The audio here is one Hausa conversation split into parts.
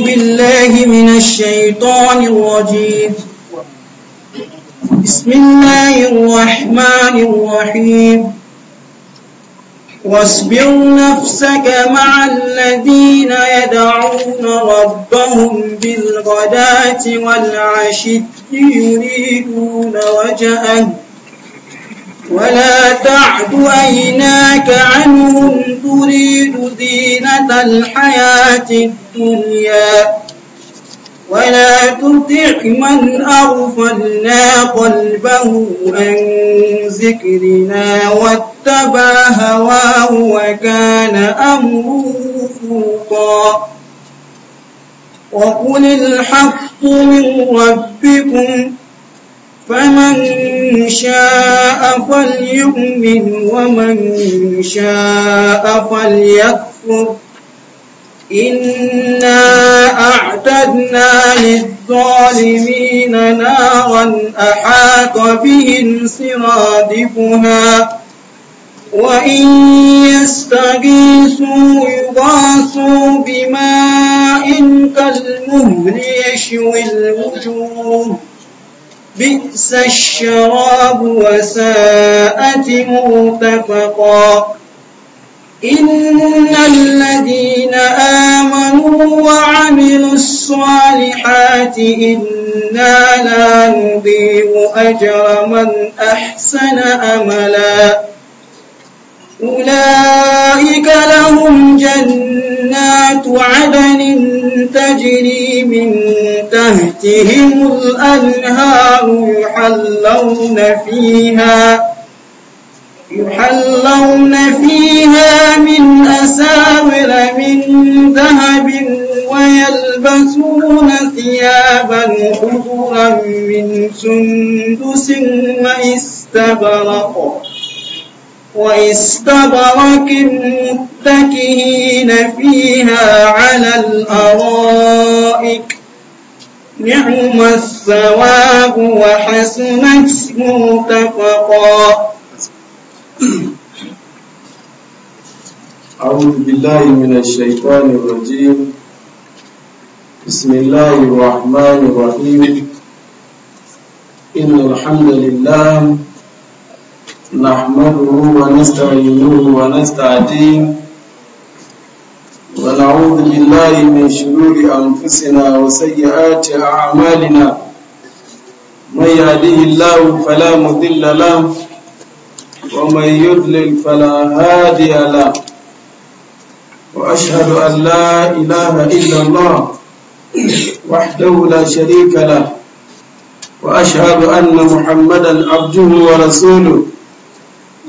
بالله من الشيطان الرجيم بسم الله الرحمن الرحيم واصبر نفسك مع الذين يدعون ربهم بالغداة والعشي يريدون وجهه ولا تعد عيناك عنهم تريد زينة الحياة الدنيا ولا تطع من أغفلنا قلبه عن ذكرنا واتبع هواه وكان أمره فوقا وقل الحق من ربكم فمن شاء فليؤمن ومن شاء فليكفر إنا أعتدنا للظالمين نارا أحاط بهم سرادفها وإن يستغيثوا يغاثوا بماء كالمهل يشوي الوجوه بئس الشراب وساءت مرتفقا إن الذين آمنوا وعملوا الصالحات إنا لا نضيع أجر من أحسن أملا أولئك لهم جنات جنات عدن تجري من تحتهم الأنهار يحلون فيها يحلون فيها من أساور من ذهب ويلبسون ثيابا خضرا من سندس وإستبرق واستبرك المتكئين فيها على الأرائك نعم الثواب وحسنت مرتفقا أعوذ بالله من الشيطان الرجيم بسم الله الرحمن الرحيم إن الحمد لله نحمده ونستعينه ونستعديه ونعوذ بالله من شرور أنفسنا وسيئات أعمالنا من يهده الله فلا مضل له ومن يضلل فلا هادي له وأشهد أن لا إله إلا الله وحده لا شريك له وأشهد أن محمدا عبده ورسوله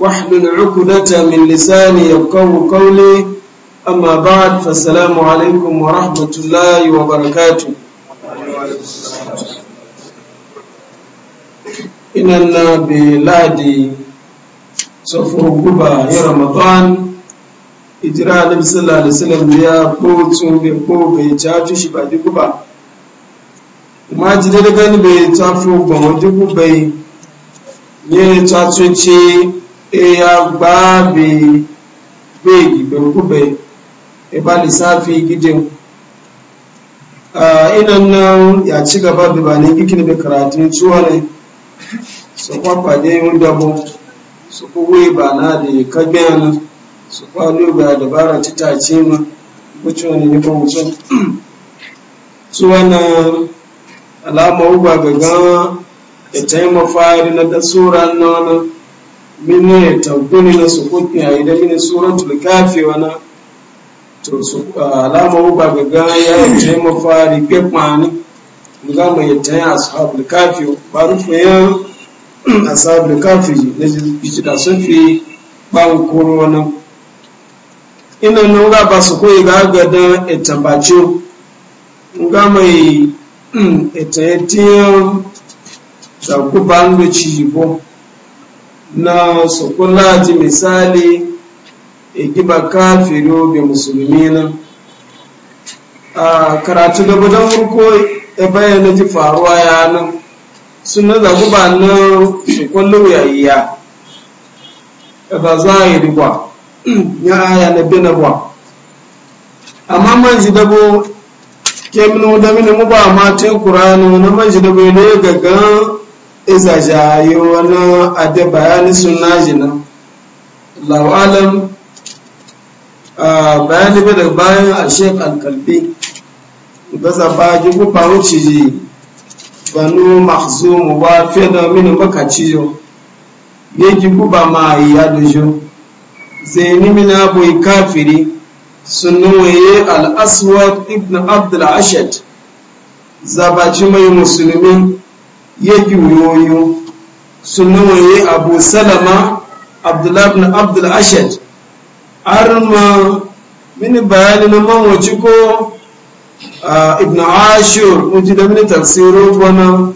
واحلل عقدة من لساني يفقه قولي أما بعد فالسلام عليكم ورحمة الله وبركاته إننا بلادي سفر قبا يا رمضان ijira annabi sallallahu alaihi wasallam ya kotu be ko be shi ba duku ba ma ji da gani be tafu ba duku bai ye chatu eya gbaa be beegi be kube e ba lissafi gidin nan ya ci gaba da ba ne gikin da karatun ciwo ne su kwakwa da yin dabo su kuwe ba na da kagbe nan su kwalo ga dabara citace ma wuce wani ne ba wucin su wannan alama uba ga gan ya e taimaka na da tsoron nan mene tabbuni na su a idan mini tsoron tulkafi wani to su alama ba ga gaya ya ce mu fari ke kwani za mu yi ta ashabul kafi ba rufe ya ashabul kafi na jiki da sun fi ban koro wani ina nan ga ba su koyi ga ita da etambaci ga mai ita etayetiyan tiyan ku ba ci bo na ji misali igiba kafiru bi musulmi na a karatu da budan farko ya bayyana ji faruwa ya nan suna da guba na sokullu ya iya ba za a yi ya aya na binarwa amma man ji dabo kemino da mini mu ba ma te kuranu na man ji dabo ne gaggan iza yi wani ade bayani suna jina lawalin ah, bayani bada bayan alshek alkalbi gaza ba ji kufa wuce ji banu mu ba fiye da mini cizo. ne yake kuba ma ya dojo zai na bai kafiri sun nuwaye al'aswad ibn abdul ashad zabaci mai musulmi ya yoyo sunan waye abu salama abdullahi ibn abdul ashad har mini bayani na mawaci ko ibn ashur mutu da mini tafsiro bana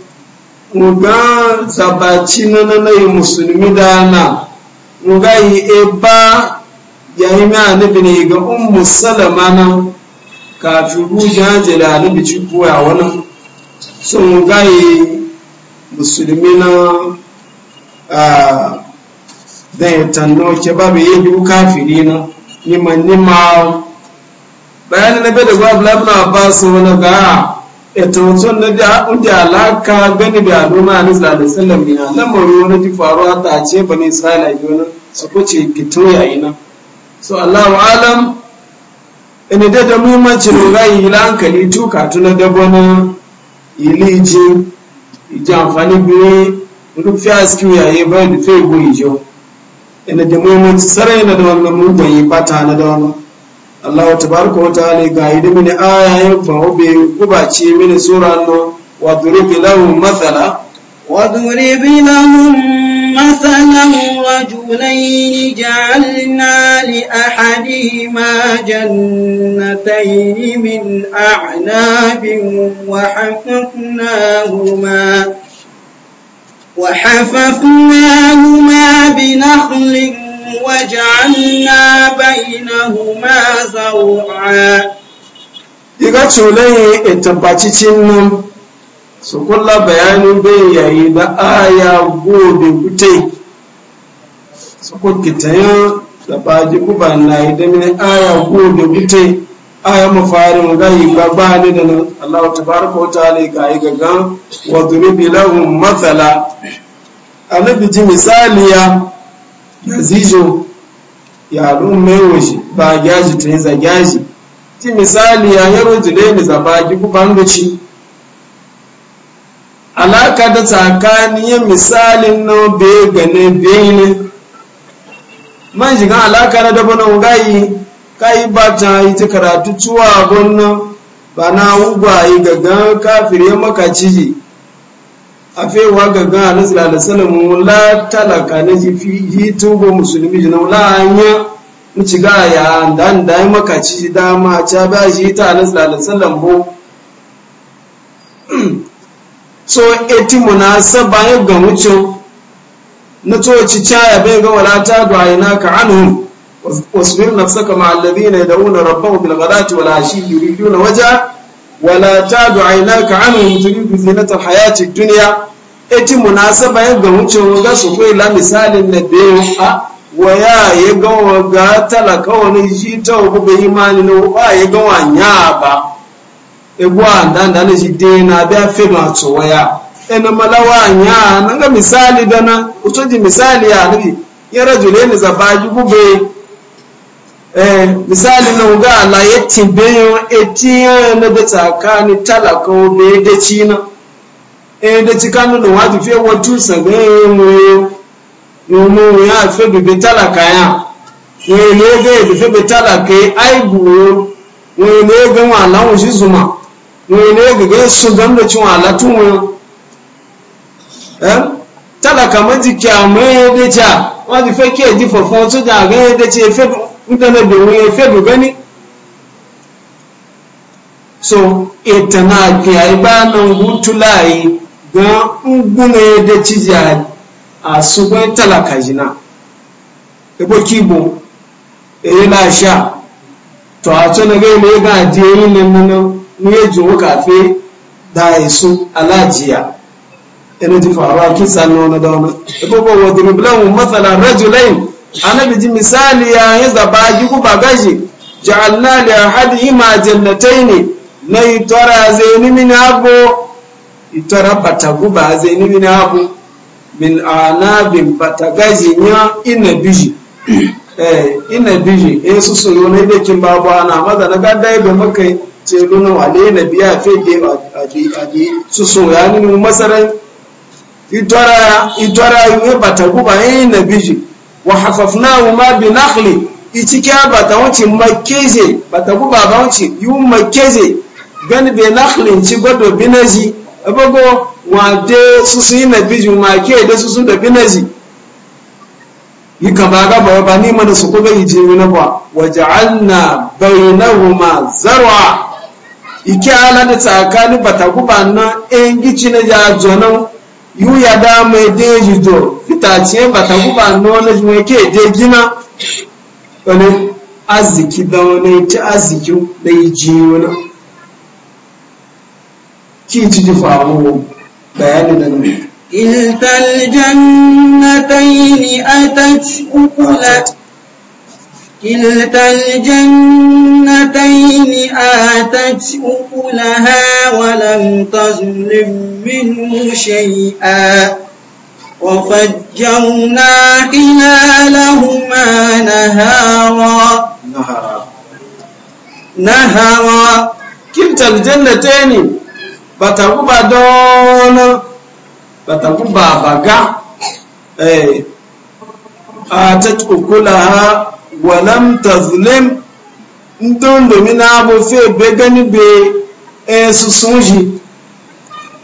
muga zabaci na nanayi musulmi dana muga yi eba yayi mai annabi ne ga ummu salama na kafin rujan jela annabi ci koya wani sun muga yi musulmi na zai tanno ke babu yin yi kafiri na nima nima bayan na bai da gwabla na ba su wani ga ita mutum na da inda alaka gani da aluma na zalim sallam ne lamarin wani ji a ta ce ba sala yi wani su kuce fito yayi nan so alam ina da da muhimmancin rayu hankali tuka tuna da wani iliji ìjọ àǹfààní bí olùfẹ́ àsìkò yàyẹ báyìí lè fẹ́ ìgbò ìjọ ẹnà ina ẹmọ ti sára ẹnà dẹ̀wọ̀n lọ mú gbọ̀nyí pátá ẹnà dẹ̀wọ̀n Allah ta baraka wata ta'ala ga yi mini ayayen fa obe kubace mini sura no wa مثلا رجلين جعلنا لأحدهما جنتين من أعناب وحففناهما وحففناهما بنخل وجعلنا بينهما زرعا. إذا تولي التباتيتين su kulla bayanin bai yayi da aya gobe kutai su kitayen da baji guba na yi da mini aya gobe kute aya mafarin gayi ba ne da nan Allah ta baraka wa ta'ala ga yi gagan wa duribi lahum mathala annabi ji misaliya da zijo ya mai waje ba gyaji ta yi za gyaji ji misaliya ya rojile ni za baji guba ci alaka da tsakaniyar misalin na bai gane bai ne man shiga alaka na dabo na gayi kayi ba ta yi ta karatu tuwa gwanna ba na ugwaye kafir ya maka ciji a fewa gagan a nasu da salamu la talaka na jifi yi tubo musulmi jina la hanya in ci ga ya da ya maka ciji dama ta ba shi ta nasu da salamu so eti munasaba ya ga mucho na toci caya bai ga wala ta du'aina ka anhum wasbir nafsaka ma alladhina yad'una rabbahum bil ghadati wal ashi yuriduna waja wala ta du'aina ka anhum turidu zinata al hayati dunya eti munasaba ya ga mucho ga su kai la misalin na bai a waya ya ga ga talaka wani shi ta ko bai imani no ba ya ga wanya ba ebuwa da da na ji de na bi afi ma to waya ena malawa nya nanga misali dana utoji misali ya nabi ya rajule ni zabaji bube eh misali na uga la yetin beyo etiya na da tala ko be da china eh da chikanu da wadi fe watu sabe mu mu ya fe tala ka ya ne ne ga bi fe talaka ai bu ne ne ga wa lawo shi zuma wene gaga su gam eh? da cin halatun talaka maji kyamai ya dace wọ́n ti fẹ́ kí ẹ̀dí fọ̀fọ́ tó dà gẹ́gẹ́ dẹ́ ti ẹ̀fẹ́ ńtẹ́lẹ́dẹ̀ òun ẹ̀fẹ́ dùn gẹ́ni. so ìtàn iba àìbá náà ń túlá yìí gan ń gúnlẹ̀ ẹ̀dẹ́ ti di àsùnwó tàlàkà yìí náà. epo kíbo èyí náà ṣá tọ́ àtúnagẹ́ ilé gan àdí eyín ní èjì owó kàfé da èso aláàjìyà ẹni ti fàrọ akínsá ní ọ̀nà dáwọn ẹgbẹ́gbẹ́ e wọn dèrò bílẹ̀wọ̀n mọ́tàlá rẹ́jù lẹ́yìn anábìjì misali ya yin zaba yíkú bagaji jàlá lè hadi ima jannatai ne na ìtọ́ra zẹni mini abu ìtọ́ra bataguba zẹni mini abu min anabin batagaji ya inabiji eh inabiji eh susu yau na ibekin babu ana maza na gada ibe makai ce luna wale na biya fege adi susu ya nini masarai itwara yi bata guba yi na biji wa hafafna ma bi nakhli itikiya bata wancin makeze bata guba ba wancin yi makeze gani bi nakhlin ci na zi. abago wa de susu yi na biji ma ke da susu da zi. yi kama gaba ba ni mana su kuma yi je na ba wa ja'alna ma zarwa. ike ala da tsakani bata guba na en gici na ja zonan yu ya da mai deji do fitace bata guba na wani mai ke je gina wani aziki da wani ci arziki da yi ji na? ki ci ji faru bayani da nan كلتا الجنتين أتت أكلت كلتا الجنتين آتت أكلها ولم تظلم منه شيئا وفجرنا خلالهما نهارا نهارا كلتا الجنتين بتقبى دون بتقبى بقى آتت أكلها walam tazlim ndondo mina abo fe be gani be e susunji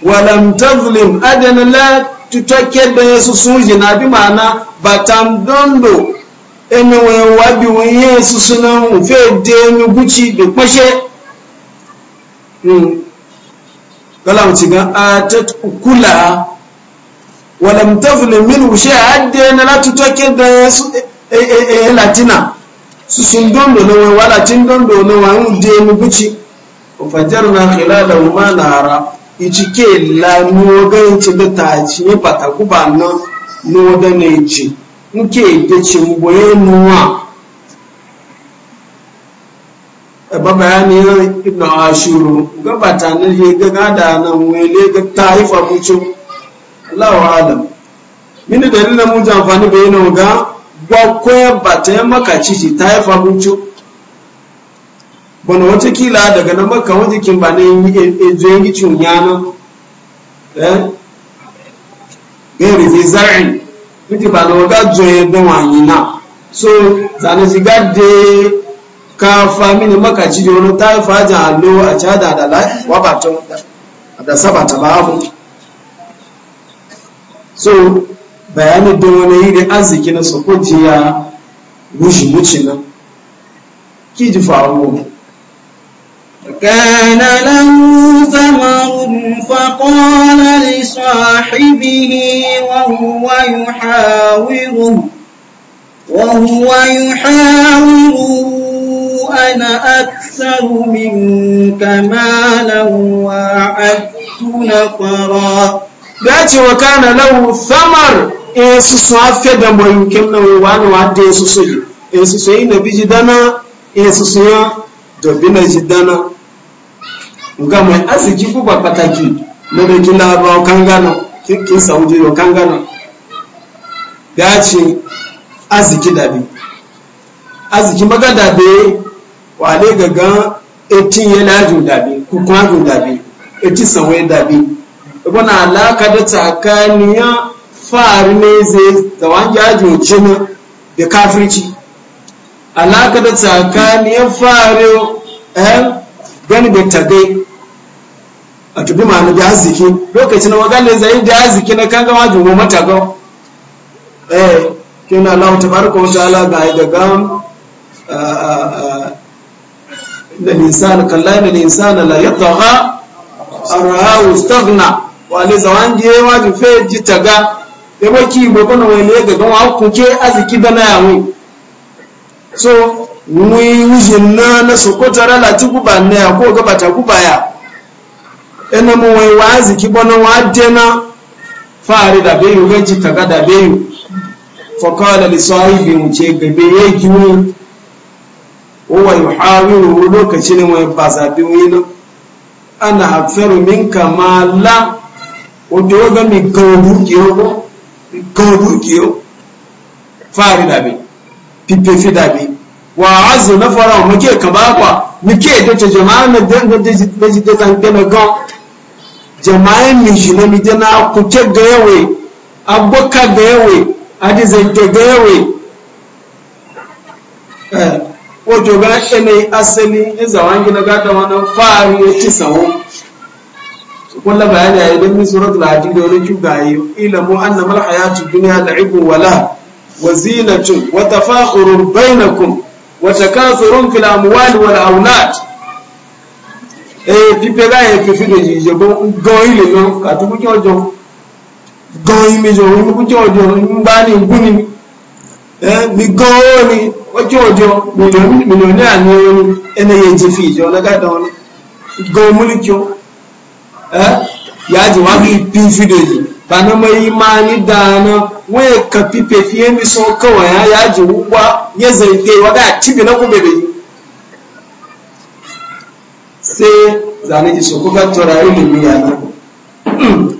walam tazlim adana la tutake da e susunji na bi mana batam dondo ene we wabi we e susuna fe de mi hmm kala mu cigan atat kula walam tazlim min la tutake e E, e, e, latina su sun dondo na wani walacin dondo na wani je mu bici fajar na khila da ma nara ici ke lamuwa ganci da ta ci ne fata kuba na noda ne ci nke da ci mboye nuwa ba bayanin ibn ashuru gabata na je ga gada nan wele ga taifa mucu Allahu alam mini dalilin mu amfani bayanan ga kwakwaya ba ta yi makaci shi ta haifa buncu bana watakila daga na maka wajikin ba na ejoyin eh, eh, gicin yana eh? gari zai zari miki ba na waga joyin don wani na so zane shiga da ka fami ne makaci da wani ta haifa jalo a cada da lai wabatan da sabata babu so bayanin da wani yi da arziki na sokoti ya rushe wuce nan ki ji faruwa كان له ثمر فقال لصاحبه وهو يحاوره وهو يحاوره أنا أكثر منك مالا وأعد نفرا wa وكان له ثمر e susu afẹ dẹmọ yukem na wa na wa de susu yi e susu yi na bi ji dana e susu ya bi na ji dana nga mai aziki fuba pataki na be kila ba kangana kin samu jiyo kangana ya ce aziki dabi aziki maga dabe wale gaga etin yana jin dabi kukun jin dabi etin sanwai dabi ibana alaka da tsakaniya fari ne zai tsawon yaji jina da kafirci alaka da tsakaniyar fari ɗan eh, gani da tabe a tubi ma'ana da arziki lokacin magana zai da arziki na kan gama jumo matago ga eh kina lau ta barka wata ala ga da gam da insan kalla da insan la yatagha arahu istaghna wa li zawanji wajin fe ji taga yabo ki boko na wani ya gagan wa kuke arziki da na yawon so wani wujin na na sokota rala ti guba na ya ko gaba ta guba ya ina mu wani wa aziki bana wa dena fari da bayu ji kaga da bayu fakala li sahibi mu ce gabe ya giwo wa yuhawiru lokacin wani ba zabi wani ana hafaru minka mala ojo ga mi kan ogun ki ogun kan dukiyo wa azu na muke ka muke da ta jama'a na da ji da zan jama'a mi na mi da na ku ke eh, asali in zawangi na gata wannan kulla bayani ayi don min suratul hadid da wani kyuga ayi ilamu anna mal hayatu dunya la'ibun wala wa zinatun wa tafakhurun bainakum wa takathurun fil amwali wal aulad eh pipe ga e fi fido ji je bon gan ile no ka tu ki ojo gan imi jo ni ku ojo ngba ni eh mi gan o ni ojo ojo mi lo mi lo ni ani ẹni ye je jo la ga don gan mulki o Eh? ya ji wa bi bin fi da yi ba na mai mani da na waya ka fi fefiye mi so kawai ya ya wa ya zarge wa ga tibi na kuma bai sai zane ji so kuka turare ne mai ne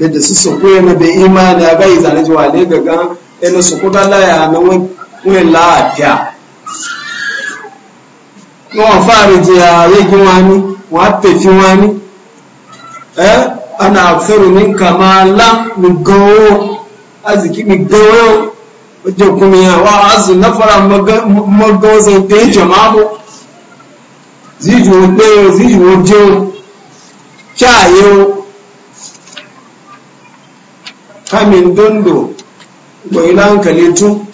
yadda su so koya na bai imani a bai zane ji wa ne ga gan ina e so kuka laya na wani lafiya wọn fàárí jẹ ààyè gí wọn ni wọn á pè fi wọn ni eh ana aksaru min kamala mi gowo aziki mi gowo wajen kuma ya wa azu nafara magawo zai ɗaya jama'a zijuwo ɗaya zijuwo jiyo kyayo kamin dondo gwai lankale tun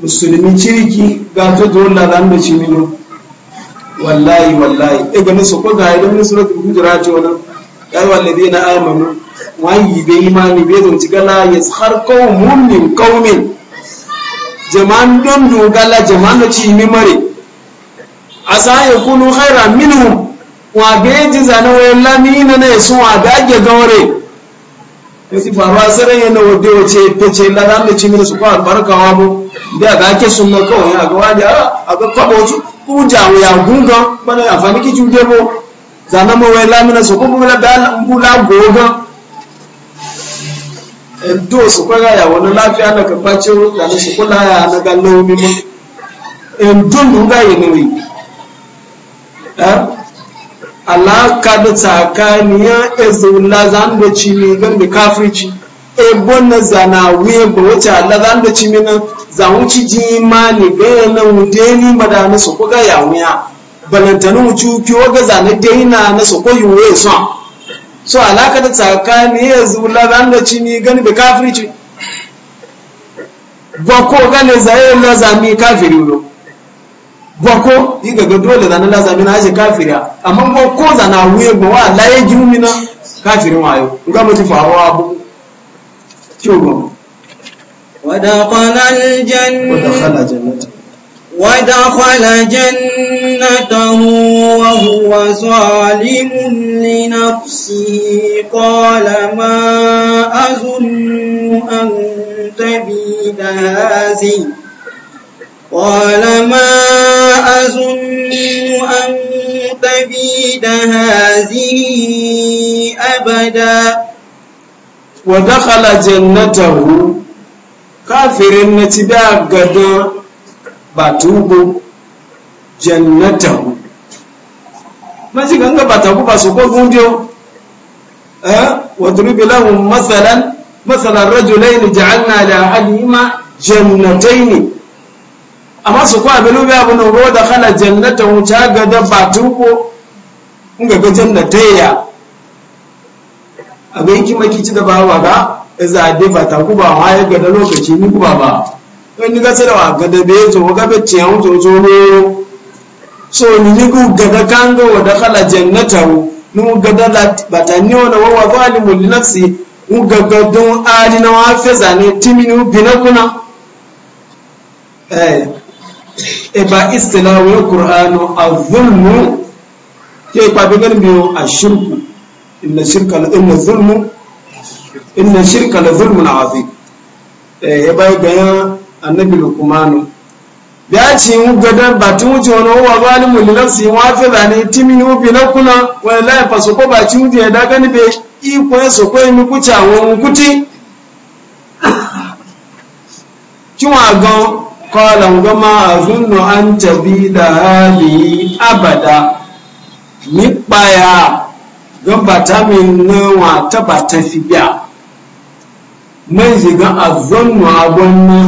musulmi kirki ga ta dole ran da cimino wallahi wallahi e ganin su ko ga ya ganin suratul hujurat wannan ya na amanu wayi be imani be don cigala yaskhar qaumun min qaumin jama'an don dogala jama'an da ci mi mare asa ya kunu khaira minhum wa be ji zanawa lamina ne su wa dage gaure yasi faruwa sanan yana wadda wace fece na ran da cimin su ko albarka wa da ake sunna kawai ah, a ga wani a ga kwabo su ku jawo ya gunga bana ya fani ki juje bo zana mo wai lamina su ko bula da bula eh, ya wani lafiya na kaface zana su kula ya na gallo mu eh, ndun dunga yi ne alaka da tsakaniya ezula zan da cimi gan da kafirci ebo na zana wuye ba wace Allah zan da ci mina za wuci ji imani ga nan wuce ni madana su kuga ya wuya balantana wuci ki waga zana daina na su koyi wuye su so alaka da tsakaniya ezula zan da cimi gan da kafirci ba ko gane zaye na zami kafiri wuyo gwako yi ga dole zana la zami na aje kafira amma gwa ko zana wuye gwa wa la ye na kafirin wayo nga mutu faruwa abu kyogo ودخل الجنة ودخل جنته وهو ظالم لنفسه قال ما أظن أن تبيد هذه قال ما بعيد هذه أبدا ودخل جنته كافر نتبع قد بطوب جنته ما تيغنغ باتوب باسوكو غونديو أه؟ واضرب لهم مثلا مثلا رجلين جعلنا لأحدهما جنتين أما su kwa bilu ودخل جنته nugo da kana nga ga jannatayya abin maki ci da bawa ga za a dafa ta, ku ba ma ya gada lokaci ni kuma ba ba wani ga sai da wa gada be to ga be ce an to to so ni ni ku gada kango wa da jannata wu ni ku gada ba ta ni wa wa zalimun li nafsi ku gada don ali na wa fe zane timini binakuna eh e ba istilahu alqur'anu az-zulmu ke kwafi ganin biyu a shirku inna shirka la inna zulmu inna shirka la na wazi eh ya bai bayan annabi lukumanu ya ci mu gadan tun wuce wani wa zalimu li nafsi wa fi zani timi u bi kula wa la fa su ko ba ci mu da gani be i ko so ko mi kuca wa mu kuti wa ga kala ngoma azunnu an tabida hali abada nípayà gan bàtà mi ní wọn àtàbàtà fi bíà mẹ́sì gan àzọ́nù agbọ́nà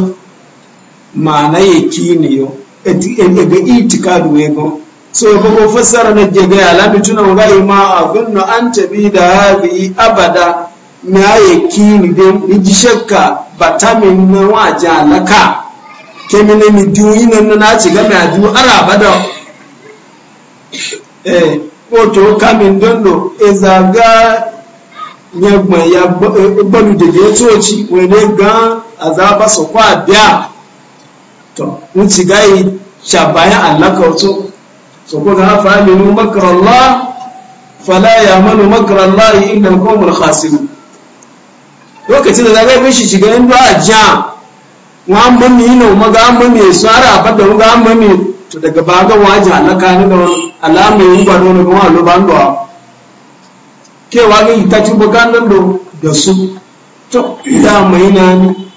màánà yẹ kí nìyọ ẹgbẹ́ ìtìkàdù ẹgbọ́n so ya fago fassara na gege alabi tuna ngai ma abinna an tabi da hadi abada na yake ni de ni jishakka batamin na waja laka kemine mi duyi nan na ci ga ma du arabada E eh, koto kamin dondo ezaga nyagban ya eh, gbalude ya toci wani gan azaba su kwa biya to n ti gayi shabayan allaka wato so ko ga hafa aminu makarallah fala ya manu makarallah inda kowar khasiru lokacin da zaga bishi shiga yin ba a jiya wa an bami yi na umaga an bami su ara abada uga an bami to daga baga waje halaka ni da alama yin gwado ne kuma alo ban da kewa ga ita ci bukan nan do da su to da mai na ni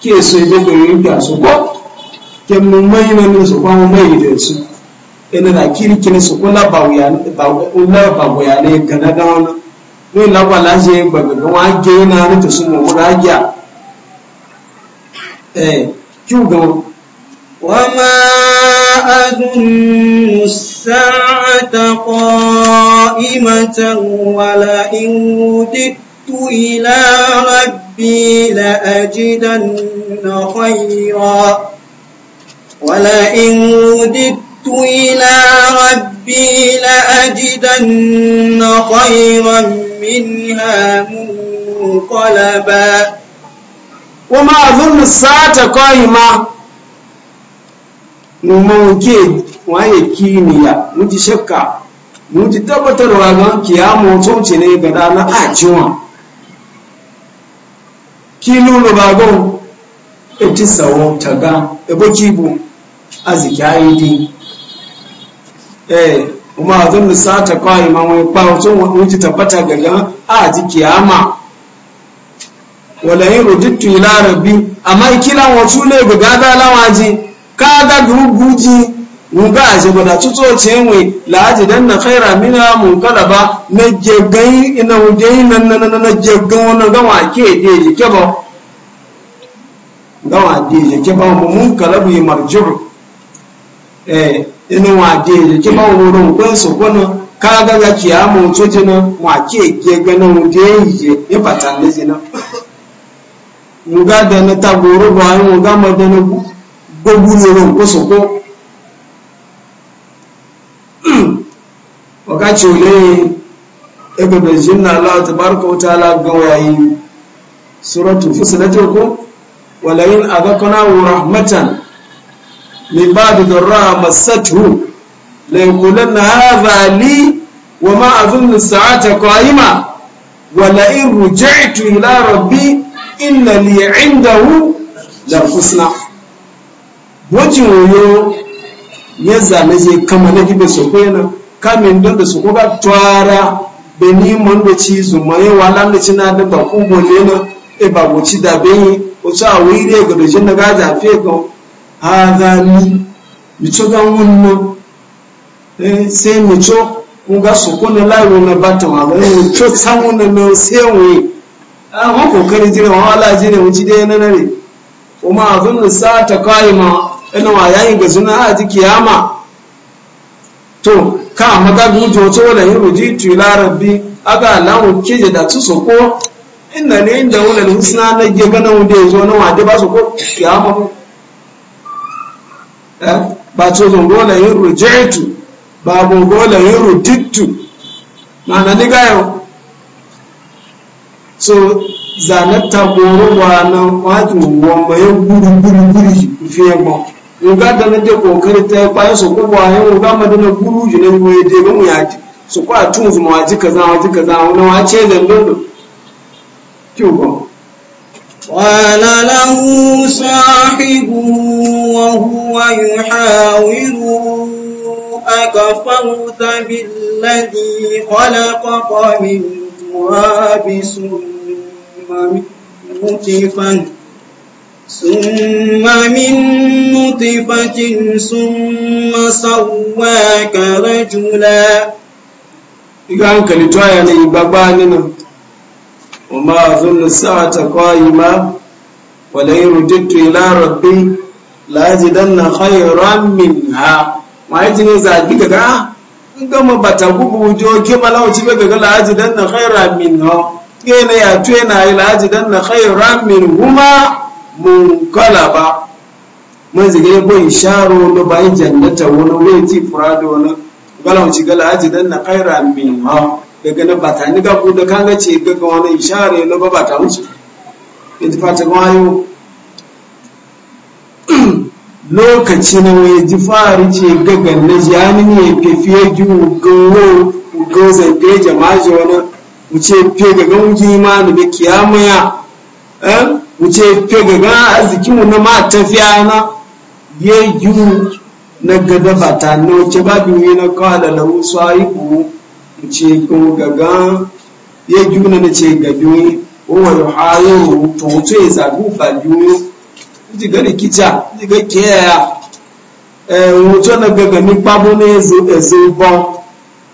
ke so je ko yin ka su ko ke mun mai na ni su ko mai da su ina da kirkin su ko la ba wuya ba ne ga na da wani. ni la ba la je ba ga wa ge na ni to su mu ra ja eh kyugo وما أظن الساعة قائمة ولئن وددت إلى ربي لأجدن خيرا ولئن وددت إلى ربي لأجدن خيرا منها منقلبا وما أظن الساعة قائمة mawuke waye kiniya muji shakka muji tabbatarwa ga kiyamo tsoce ne ga dana a jiwa kilu rubagon eti sawo taga ebo kibu aziki aidi eh kuma azun sata kawai ma wani kpawo tun muji tabbata ga ga a ji kiyama wala yin rudittu ila rabbi amma kila wasu ne ga gada lawaji kaga guguji nga aje bada tutu cewe la aje dan na khaira mina mun kala ba na jegai ina wudai na-na-na nan na jegan wannan gawa ke de je ke ba gawa de je ke ba mu kala bu marjur eh ina wa de je ke ba wurin kun su kuna kaga ya kiyamu tuto na wa ke ke na wudai je ya e fata ne zina nga da na tagoro ba mun ga madana ku Ko búrú olóhùn kó sọ kó wákàtí ò lè ẹgbẹ̀bẹ̀ jìn náà aláwọ̀ tó bárúkọ tó alágbọ́n wà sọ́rọ̀ tó fún sinẹ́tì òkú rahmatan ní bá dùdọ̀ masatu lẹ́kùnlẹ́ na hàvà lí wọ́n máa azúnnù sàátà kọ́ ayíma wàlẹ́yìn rùjẹ́ ìtù ìlà rọ̀bí ìnàlì ẹ̀ ń dàwú wacin oyo ya zane zai kama na gibe su kwena kamin don da su kuka tuwara ni man da ci ma yi walan da na da ba ku gole na e ba wuci da benin wasu a wuri ga dojin na gaja fe ga hazali mico ga wunno e, sai co. Ku ga su kuna layo na bata ma ga yin mico san wunno na sai wuyi a hukun kari jiran wala jiran wuci dai na ne. kuma abin da sa ta kayi ma ina wa yayin ga zuna a ji kiyama to ka maga dujo to wala yin ruji tu ila rabbi aga lawo kije da tu soko inna ne inda wala husna na ge gana wanda yazo na wade ba soko kiyama eh ba to zon gola yin tu ba bo gola yin tu na na ni gayo so zanatta goro wa na wajin wamba yin guri guri guri fiye yamma yoga da nade kokari ta bayan su ko ba yau ga madana guru ji ne mu yaje ga mu ya su kwa tun su ma ji kaza wa ji kaza wa na ce da londo kiwo ba wala lahu sahibu wa huwa yuhawiru akafarta billadhi khalaqaka min turabin summa nutfatan ثم من نطفة ثم سواك رجلا إذا كان تويا لي باباننا وما أظن الساعة قائمة ولئن رددت إلى ربي لأجدن خيرا منها ما يجني زادي كذا gama ba ta gugu wujo ke malawci ba gaga la'aji dan na khaira min ha ke na ya yi la'aji dan na khaira min huma munkalaba mun zige bo isharo no bai jannata wani ti furado wani gala mu cigala aji dan na khaira min ma daga na bata ni ga ku da kanga ce daga wani ishare no ba bata musu ta fata gwayo lokaci na wai ji fari ce gaga na jani ne ke fiye gi ugowo ugo zange jama'a wani mu ce fiye ga mu ma da kiyamaya eh wuce fega ga arziki mu na ma tafiya na ye yu na gada fata na wuce ba bi wi na kala lahu sahibu wuce kun gaga ye yu na na ce ga bi o wa yuhayu to wuce ya zagu fa bi wi ji ga rikica ji ga kiyaya eh wuce na gaga ni pabo ne zo ezo bon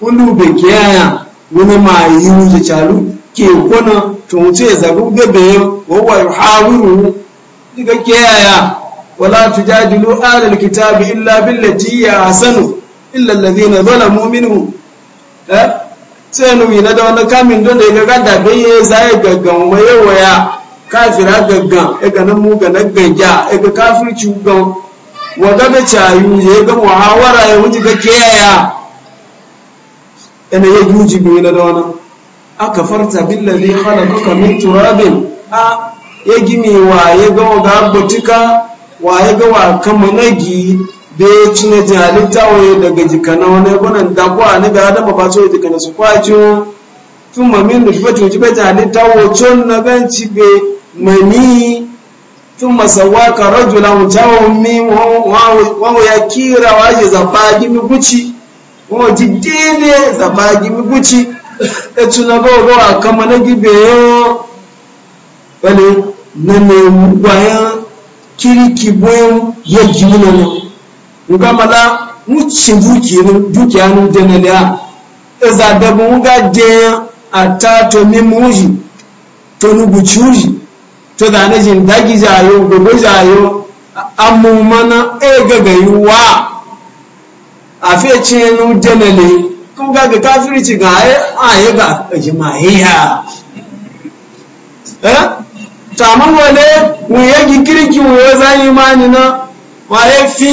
ulu be kiyaya wani ma yi wuce chalu ke kona to mutu ya zagu gabe wawa ya hawiru diga kiyaya wala tujadilu alal kitabi illa billati ya hasanu illa alladhina zalamu minhum eh sai nu ina da wannan kamin don da ya ga da bai zai gaggan waye waya kafira gaggan e ga nan mu ga nan e ga kafirci gaggan da cayu ya ga muhawara ya wuce ga kiyaya ina ya juji aka farta billazi khalaqaka min turabin a ya gimi waye ga ga botika waye ga wa kama nagi be tuna jalita ya daga jikana wani gunan da ko ani ga da ba so jikana su kwajo tuma min nufatu jibe jalita wa ton na ganci be mani tuma sawaka rajula tawo mi wa ya kira waje zabagi gimi guci wa jidene zabagi gimi guci etuna gogo akama na gibeyo wani na nemu gwaya kiriki boyo ya jimina no nga mala mucin dukiyin dukiya nun denele a eza dabu nga deya ata to yi, to yi, to da zane jin dagi jayo gogo jayo amumana e yi wa a fiye cinu denele kun ga ga kafirci ga aye ah, ga jima'iya eh ta eh? taman wale mu yagi kirki mu zan mani na wa ya fi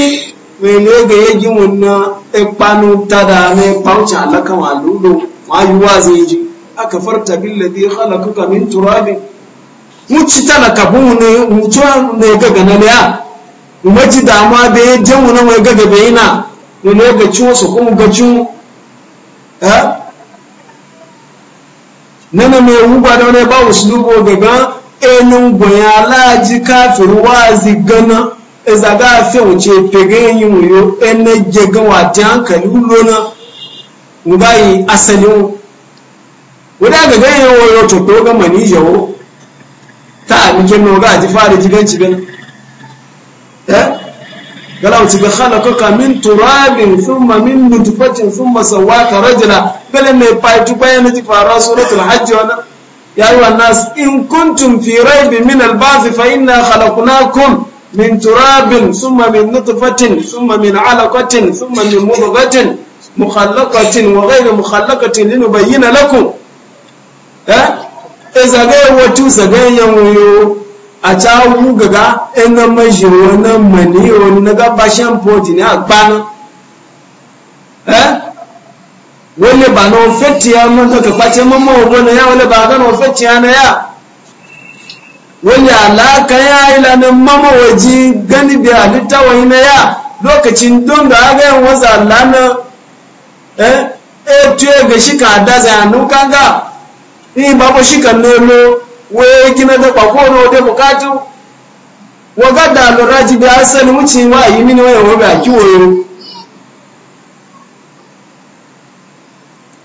mai e ne ga yagi mun na ipanu tada ne paucha alaka yi wa zai ji aka farta billadhi khalaqaka min turabin muci talaka bu ne mutuwa ne gaga na liya mu maji damuwa da ya jamu na mai gaga bayina ne ne ga ciwo su kuma ga ciwo nana mai wugwa da wani babu sulubo gaga enin goya alaji kafin wazi gana izaga fi wuce fege yi wuyo ene gega wata hankali ulona ngayi asalin wadda ga ganyen wayo to ko ga manija wo ta abin kenno ga ji fara gidan ci eh galau ci khalaqaka min turabin thumma min nutfatin thumma sawaka rajula bale mai fatu bayan ji fara suratul hajj wannan ya ayyuha nas in kuntum fi raibin min al-ba'th fa inna khalaqnakum min turabin thumma min nutfatin thumma min 'alaqatin thumma min mudghatin mukhallaqatin wa ghayri mukhallaqatin linubayyana lakum eh ezagaye watu zagayen wuyo a ta gaga ina e mashi e e wani mani wani gaba shampoti ne a gbana eh wani ba na ofetti ya mata ka kwace mamma wabo na ya wani ba ga na ofetti ya na ya wani alaka ya yi lanin mamma waje gani da halitta wani na ya lokacin don da aga yin waza lana eh eh tuye ga shi ka da zanen kanga in babu shi ka nemo wee gina da kwakwo na bukatu waga da lura ji bi asali wuce wa yi mini wayan wabe a kiwoyo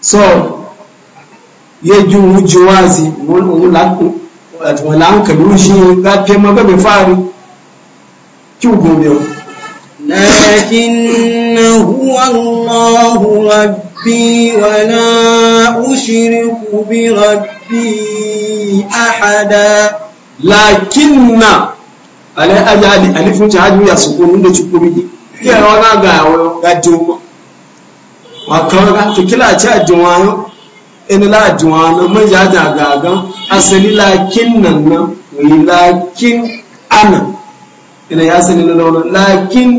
so ye ju wuji wazi wala an ga fari gobe lakin huwa allah rabbi ربي ولا أشرك بربي أحدا لكن alẹ́ ajá a jùlọ àsìkò nílò tí kò méjì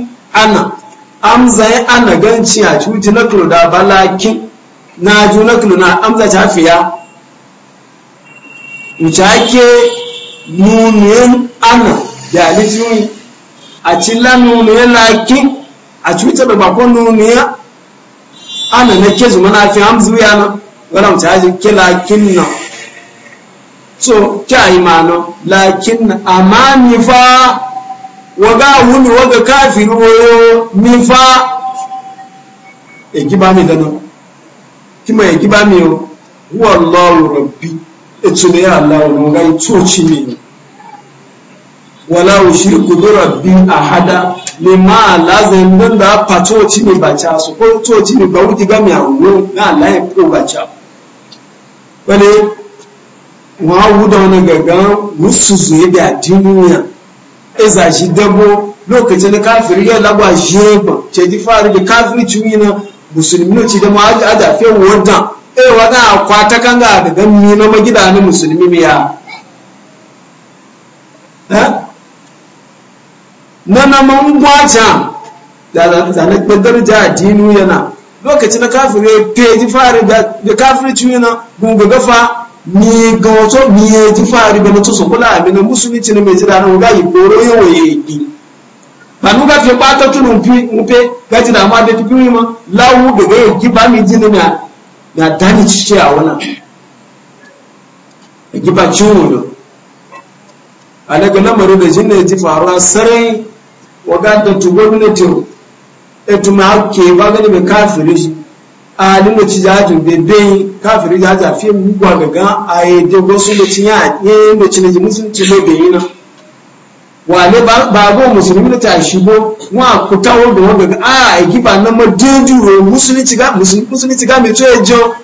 amza ya ana ganci a cuti na kulu da balakin na ju na kulu na amza ta fiya wuce ake nunin ana da litinin a cilla nunin lakin a cuta da bakon nunin ana na ke zuma na fi amzu ya na wadda wuce ake ke lakin na so kya imano lakin amma ni fa waga wuni waga kafiri woyo nifa ba ekibami dano kima ekibami o huwa allahu rabbi etule ya allahu nonga ituochi mini wala ushiriku bi rabbi ahada lima laze ndanda patochi mi bacha so ko tochi mi ba uti gami awo na allah e ko bacha wale wa wuda wani gaga musuzu ya da adini duniya eza shi dabo lokacin da kafiri ya lagwa jeba ce ji faru da kafiri cumi na musulmi no ci da ma aji aja fe e, wadda eh wadda kwata kan ga da ganni na magida ne musulmi miya ha na na man gwaja da da na kaddar ja dinu yana lokacin da kafiri ya fe ji faru da kafiri cumi na gungu gafa mi ga wato mi ya ji fari da mutu su kula mi na musulunci na mai jira na ga yi koro yawa ya yi ba nuka fi bata tunu mufe gaji na ma da fi biyu ma lawu da ga yi giba mi ji na na dani cice a wani giba ciwo da alaga lamarin da jinna ya ji faruwa sarai wa gada tu gwamnatin etu ma ke ba gani mai kafiri a lina ci jajin bebe kafiri ya zafi gugwa daga a yi da wasu da cin ya ɗaya da cin da musulunci mai bayi nan wale ba go musulmi da ta shigo wa ku tawo da wanda ga a yi ba na ma jejuro musulunci ga musulunci ga mai tsoye jo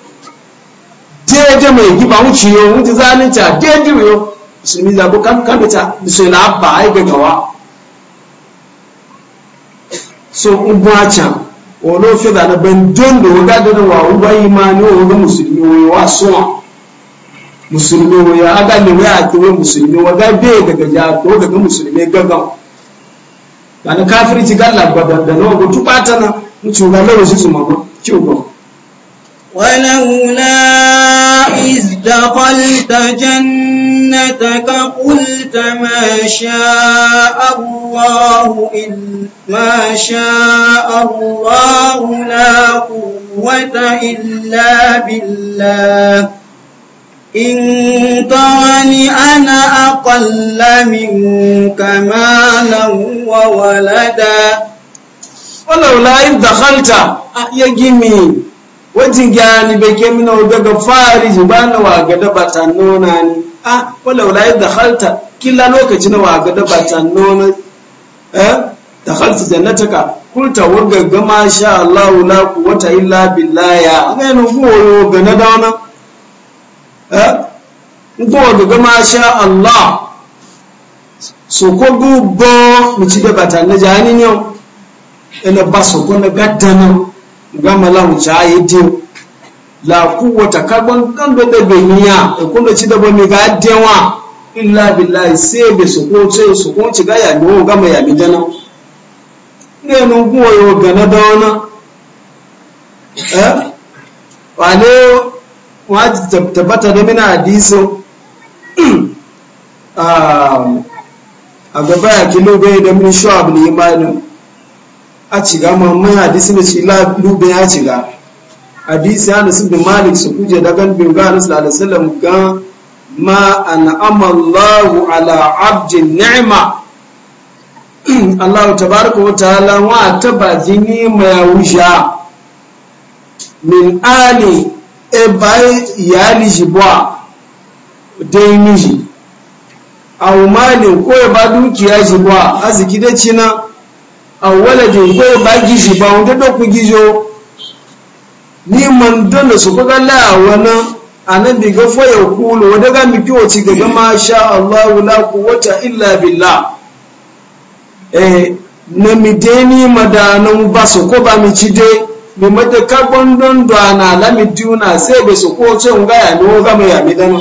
jeje mai giba wuce yo wuce zalunta jejuro yo musulmi da ko kan kan ta musulmi ba ai ga gagawa. so a can. wani fi da na bandon da waga da wa uba imani wa waga musulmi wa yawa musulmi wa ya aga ne wa musulmi waga bai daga ya ko daga musulmi gaga ba na kafirci ga lagbada da na waga mutu ga lawa su zuma ba kyau ba ولولا سنتك قلت ما شاء الله إن ما شاء الله لا قوة إلا بالله إن ترني أنا أقل منك مالا وولدا ولولا إذ دخلت يجمي wajin gyani bai ke mina wa daga fari zubana wa gada ba ta nona ni ah wala wala da halta killa lokaci na waga da batan nono eh da halta ka kulta wurga ga ma sha Allah la quwwata illa billah ya ga no go ga na dauna eh wurga ga ma sha Allah so ko gubo mu ci da batan na jani ne ina ba so ko na gaddana ga malamu ja yi dio la quwwata kaban kan do be benya e kun ci da bami ga dewa illa billahi sai be su ko ce su ko ci ga ya do ga ma ya mi dana ne no go yo ga na eh? da ona eh wale wa tabbata da mina hadisi ah, a gaba ya kilo bai da mun shu'ab ne imanin a ga mamman hadisi ne ci la lube ya ga hadisi Anas bin Malik su kuje dagan bin ga Anas sallallahu alaihi wasallam ga ma an'ama Allahu ala 'abdin ni'ma Allah tabaraka wa ta'ala wa taba jini mai wusha min ali e bai iyali jibwa dai miji aw malin ko ya ba dukiya jibwa aziki da cina aw waladin ko ya ba gishi ba wanda doku gijo ni man dana su kuka lawana annabi ga fa ya kulu wa daga mi ga ma sha Allah la quwwata illa billah eh na mi de ni madanan ba su ko ba mi ci de mi mata gon don ana la mi tuna sai be su ko ce nga ya no ga mu ya mi dan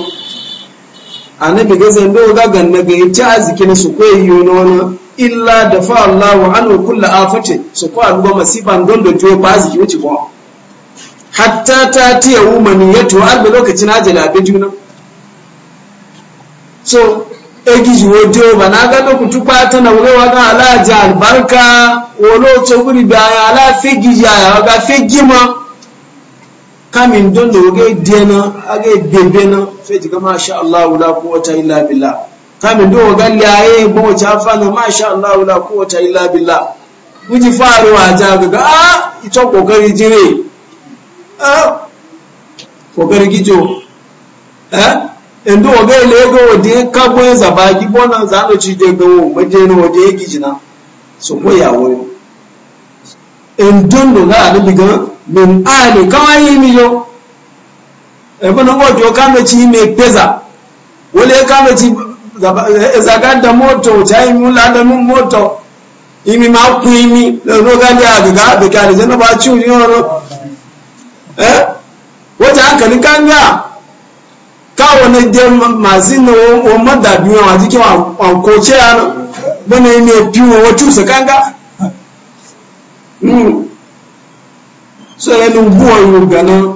annabi ga zan do ga ganna ga ita azikin su ko yi no illa da fa Allah wa anu kullu afati su ko go masiban don da to ba aziki wuce ko hatta ta tiya umani ya tuwa alba lokacin da abin juna so egiji o ba na gano ku tukpa ta na wuro wa ga alaja albarka wolo to guri ba ya ala fegi ya ya ga fegi ma kamin don na a ge de be na ji ga sha Allah la quwwata illa billah kamin don woga laye bo ta fana sha Allah la quwwata illa billah faru faruwa ja ga a ah, ito kokari jire Ah! ogere gị eh? endo oga ele ego wode kagbo eza ba gi bona za no chi je gbo maje no wode gi ọ ya wo endo no la ni bigan min ale kawai mi yo e bona bo jo kan ya me eh, imi ma imi chi eh wata hankali kanga kawo na je mazi na mada madabi wa jike wa koce ana bana yi mai piwo wa cusa kanga so ya lungu wa yi gana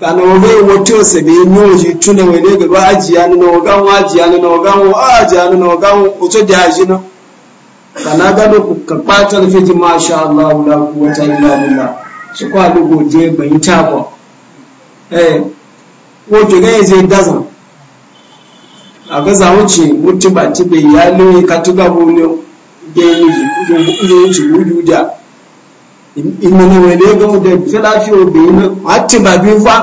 gana wa bai wa cusa bai yi yiwu ji tuna wani gaba ajiya na na wa ajiya na na wagan wa ajiya na na wagan wa oto da haji na kana gado ku karɓa ta da fiti masha Allah la quwwata illa billah sukọ agogo je gbẹ̀yìn tí a bọ̀ wo jẹ́gẹ́ ẹ̀zẹ̀ dazan àgbẹ́sà wọ́n ti wọ́n ti bàtí bẹ̀ ìyá lórí katúgbàgbó ní jẹ́ ilé ìṣòwò ìlú dà ìmọ̀nà ìwẹ̀lẹ́ gbọ́n dẹ̀ fẹ́ láti obìnrin náà wọ́n á ti bàbí wá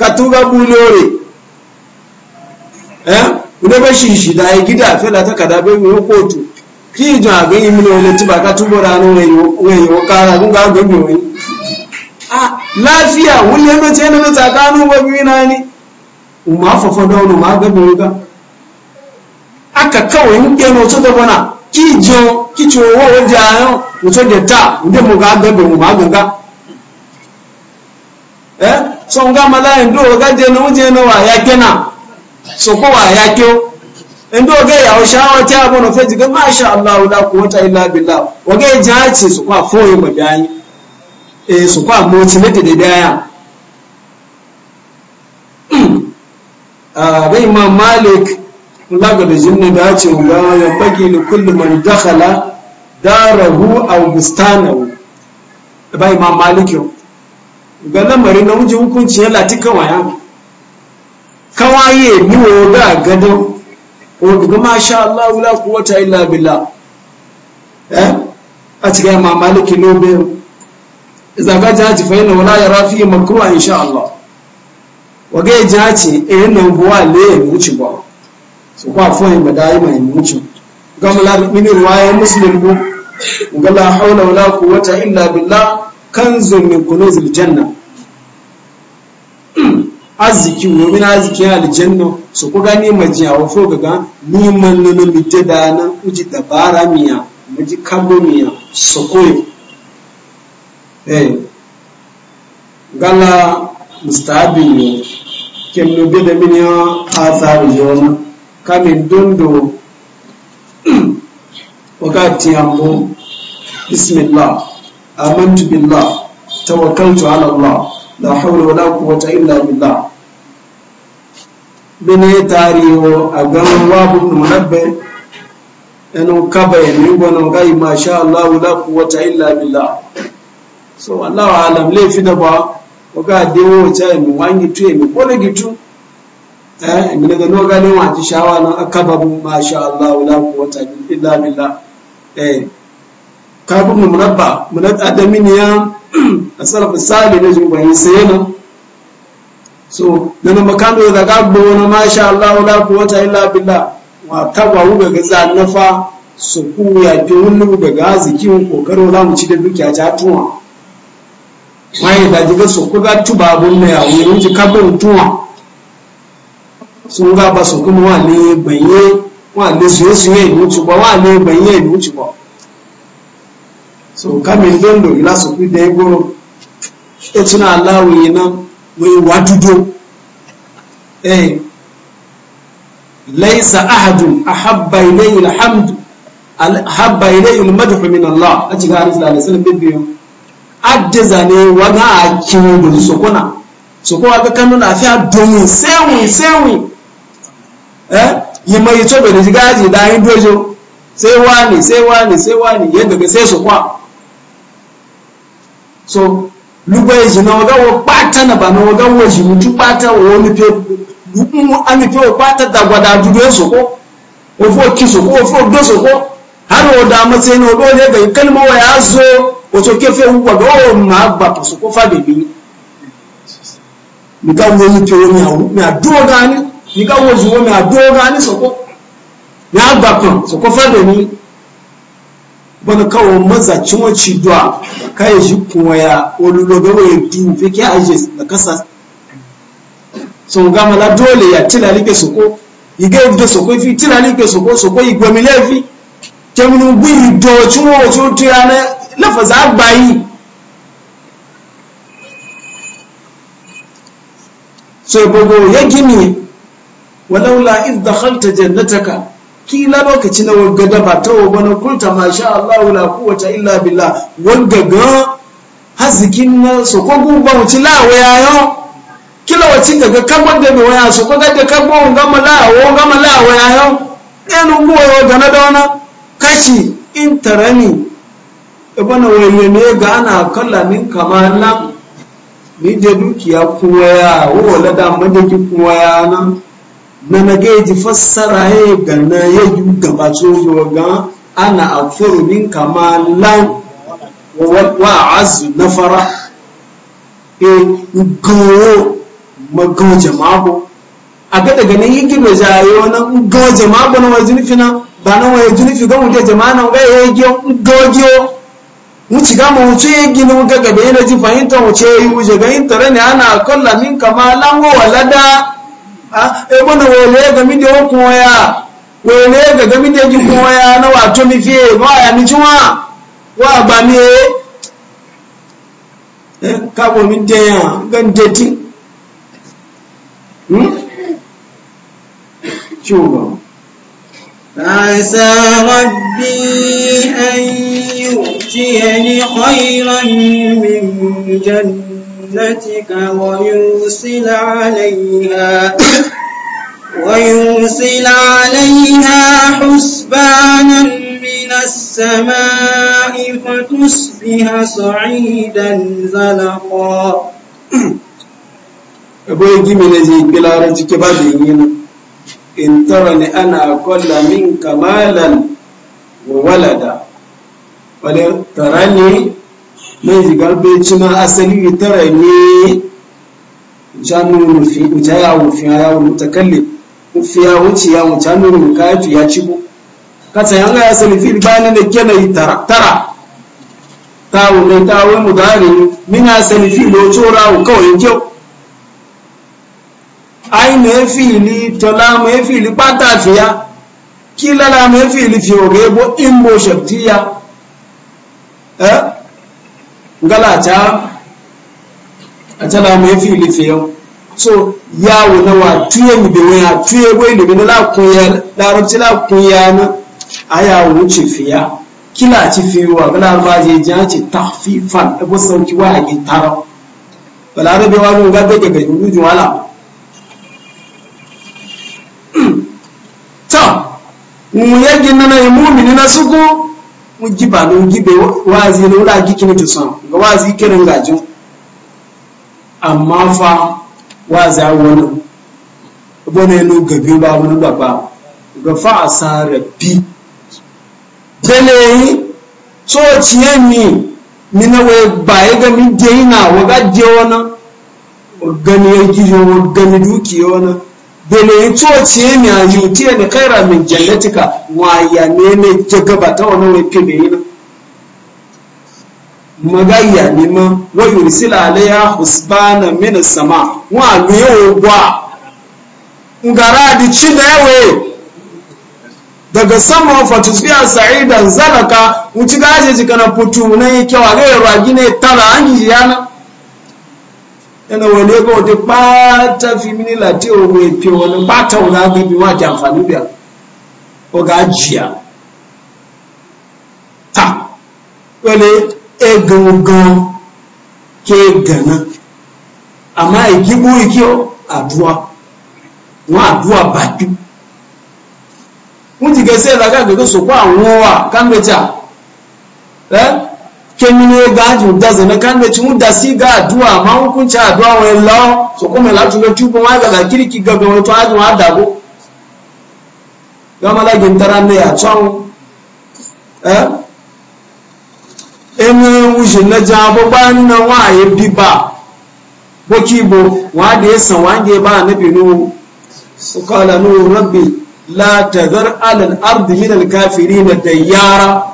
katúgbàgbó lórí ẹ́ ilébẹ́ ṣì ìṣìdá ìgídà fẹ́ látàkàdá bẹ́ẹ̀ ní kóòtù kí ìjọ àgbẹ̀yìn mi ní ọlẹ́tìbà katúgbọ̀ra ní ẹ̀yìn ọ̀kára nígbà àgbẹ̀yìn Ah, lafiya wani yadda ce na tsakanin babu na ne ma fafa da wani ma gabi ga aka kawai nke na otu da bana kijo kicho wa wajen ayo mutu da ta inda mu ga gabi mu ma gaga eh so nga malayin do ga je na wuje na wa ya kena so ko wa ya kyo ndo ga ya o shawo ta abu no feji ga masha Allah la quwwata illa billah wa ga ya jace su kwa foyi mabiyayi Eh, su kwa moci na da daya ah, bai ma malik laga da jinni da ce ga ya bagi da kullum man dakhala darahu aw bustanahu bai ma malik yau ga lamarin na wuce hukunci ya lati kawaya kawaye ni wo ga gado ko ma sha Allah la quwwata illa billah eh a cikin ma maliki lobe iza ga jaji fa yana wala yara fi makruha insha Allah wa ga jaji e yana buwa le muci ba so kwa fo yin dai mai muci gamla min riwaya muslim bu gala haula wala quwwata illa billah kanzun min kunuzil janna arziki domin arziki yana aljanna su ku gani majiya wa fo ni man nuna mitada na uji dabara miya maji kallo miya sokoyo Eh, gala mustabin ne kemno be da min ya asaru jona kamin dondo wakati ambo bismillah amantu billah tawakkaltu ala allah la hawla wala quwwata illa billah bene tariyo agan wabu munabbe eno kabe ni bono gai masha allah la quwwata illa billah so wallahu alam laifi da ba waga dewo ta mi wangi tu mi kole gitu eh mi daga no ga ne wa ji shawa bu ma masha Allah la quwwata illa billah eh bu mu murabba mun adamin ya asarfa sali ne jin bayin sayana so nan makando da ga bu na masha Allah la quwwata illa billah wa tabawu ga nafa su ku ya fi wullu daga zikin kokaro za mu ci da dukiya ta tuwa wọ́n ìgbà tuba sọ̀kọ́ bá túbà abúlé àwọn èèyàn ti ká bóun tún wọn sun ga ba sọ̀kọ́ mọ́ wà ní gbẹ̀yẹ wà ní suyẹ́suyẹ́ ìlú túbọ̀ wà ní gbẹ̀yẹ ìlú túbọ̀ so kámi lóńdò ìlàsọ̀kọ́ dẹ́ gbòòrò ètò náà aláwọ̀ yìí náà wọ́n dúdú ẹ̀ lẹ́yìnsà ahadu ahabba ilé ìlhamdu ahabba ilé ìlmadu min allah láti ká àrísìlá adiza ne waga a kiwo gudu sokona sokowa ga kanu na fi adomi sewi sewi eh yi mai to bai da gaji da yin dojo sai wani sai wani sai wani yadda ga sai sokwa so lugbe ji na waga wo pata na ba na waga wo ji mutu pata wa wani pe mu ami pe wo pata da gwada dudu e soko wo fo ki soko wo fo do soko har wo da matsayin wo do ne bai kalma wa ya zo otokefe wugwaga o magba pasokofa bebi mikawo yitowo miawo miadogani mikawo zuwo miadogani soko miagba kan sokofa bebi bana kawo maza cinwa cidwa kai ji kuma ya olulogoro ya du fike aje da kasa so gama la dole ya tila like soko ige ibdo soko ifi tila like soko soko igwemi lefi keminu gwi do cinwa o cinwa tiyana lafaza agbayi so gogo ya gini walaula in dakhalta jannataka ki lokaci na wagada ba ta wa kulta ma sha Allah wula kowace illa billa wagaga hazikin na sokogun ko gun ba wuci kila wacin daga kabon da mai waya so kogar ga da kabon gama la gama la waya yo ɗan guwa da na dauna kashi in tarani ibana wayyane ga ana kalla min nan ni da dukiya kuma ya la da madaki kuma ya nan na nage ji fassara ya na ya yi gaba sojo ga ana afuru min nan wa az na fara e go magawo jama'a a ga daga nan yi gina zayo nan go jama'a na wajin fina ba nan wajen fi mu da jama'a nan ga ya go go wuce gama wuce ya gini wuka gaba yana ji fahimta wuce ya yi wuce ga yin tare ne ana kalla min kama lango walada a ebona wele ga mi da wakon waya wele ga gami da ji kun na wato mi fiye ba ya mi ci wa wa ba mi e, e kabo mi da ya gan deti hmm فعسى ربي أن يؤتيني خيرا من جنتك ويرسل عليها ويرسل عليها حسبانا من السماء فتصبح صعيدا زلقا من أبوي بلا زي بعد كبادي in tarani ana kolla min kamalan wa walada wale tarani mai zigar beci ma asali tarani jannu nufi uta ya wufi ya wuta kalle ufi ya wuce ya wuta nuru kayatu ya cibo kata yanga ya asali fil ba ne kenai tara tara tawo ne tawo mu gari min asali fil o chorawo kawai kyau ainu efili tolamu efili patafiya kila lamu efili fiorebo imbo shaktiya eh ngalata ata efili fiyo so yawo na wa tuye mi be wa tuye bo ile be la kun la ro ti la kun ya na aya wo chi fiya kila chi fi wa gala ba je jan chi tahfifan e bo sauki wa ji taro balarabe wa ga be ke be ju wala muyagi nana yi mumini na suku mu mugi ba nun gibe wazi ne wula giki ne tusan ga wazi kirin gajin amma fa wazi a wani wani yano gabi ba wani gaba ga fa a sa rabbi dele so ciye ni mina wai baye ga mi dena waga je na gani ya gijo gani duki wani bele itoci mi a yuti da kaira min jannatika ya ne ne ta gabata wani wai fi bai magayya ne ma wa yursila alayha husbana min sama wa luyo gwa ngara di ci da yawe daga sama tusbiya sa'idan zalaka wuci gaje jikana putu ne kewa ga yarwa gine tara an yi yana ẹnu wẹ̀lẹ́ kó ti pátá fi mí nílà tí òun èpè wọn ni pátá òun á gbé mi wá jẹ àǹfààní bíà ọgá jìyà ta wẹ̀lẹ́ egangan ké gànà àmọ́ ìgbígbó ikí àdúrà wọn àdúrà bàjú wọn ti gẹ̀ sí ẹ̀dá káàkiri sọ̀kọ́ àwọn wà kámbẹ́tà ẹ́. kemine gaju da zana kan da cin dasi si ga addu'a ma hukunci aduwa wani lawo so kuma la tuno tubo ma ga kirki ga ga wato aju ma da go ga mala gintara ne ya chawo eh emi wuji na jabo ba na wa ye biba boki bo wa da ya san wa ge ba na binu su kala nu rabbi la tadhar ala al-ardi min al-kafirin dayara.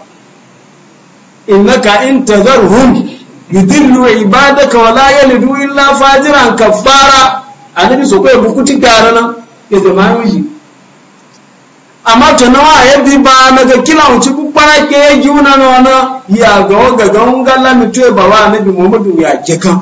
innaka in tadharhum yudillu ibadaka wala yalidu illa fajiran kaffara anabi so ko bukuti garana ya jama'a yi amma to nawa ya bi ba na ga kila uci bubara ke giuna na wana ya ga ga ga ngalla mitu e ba wa anabi muhammadu ya ke kan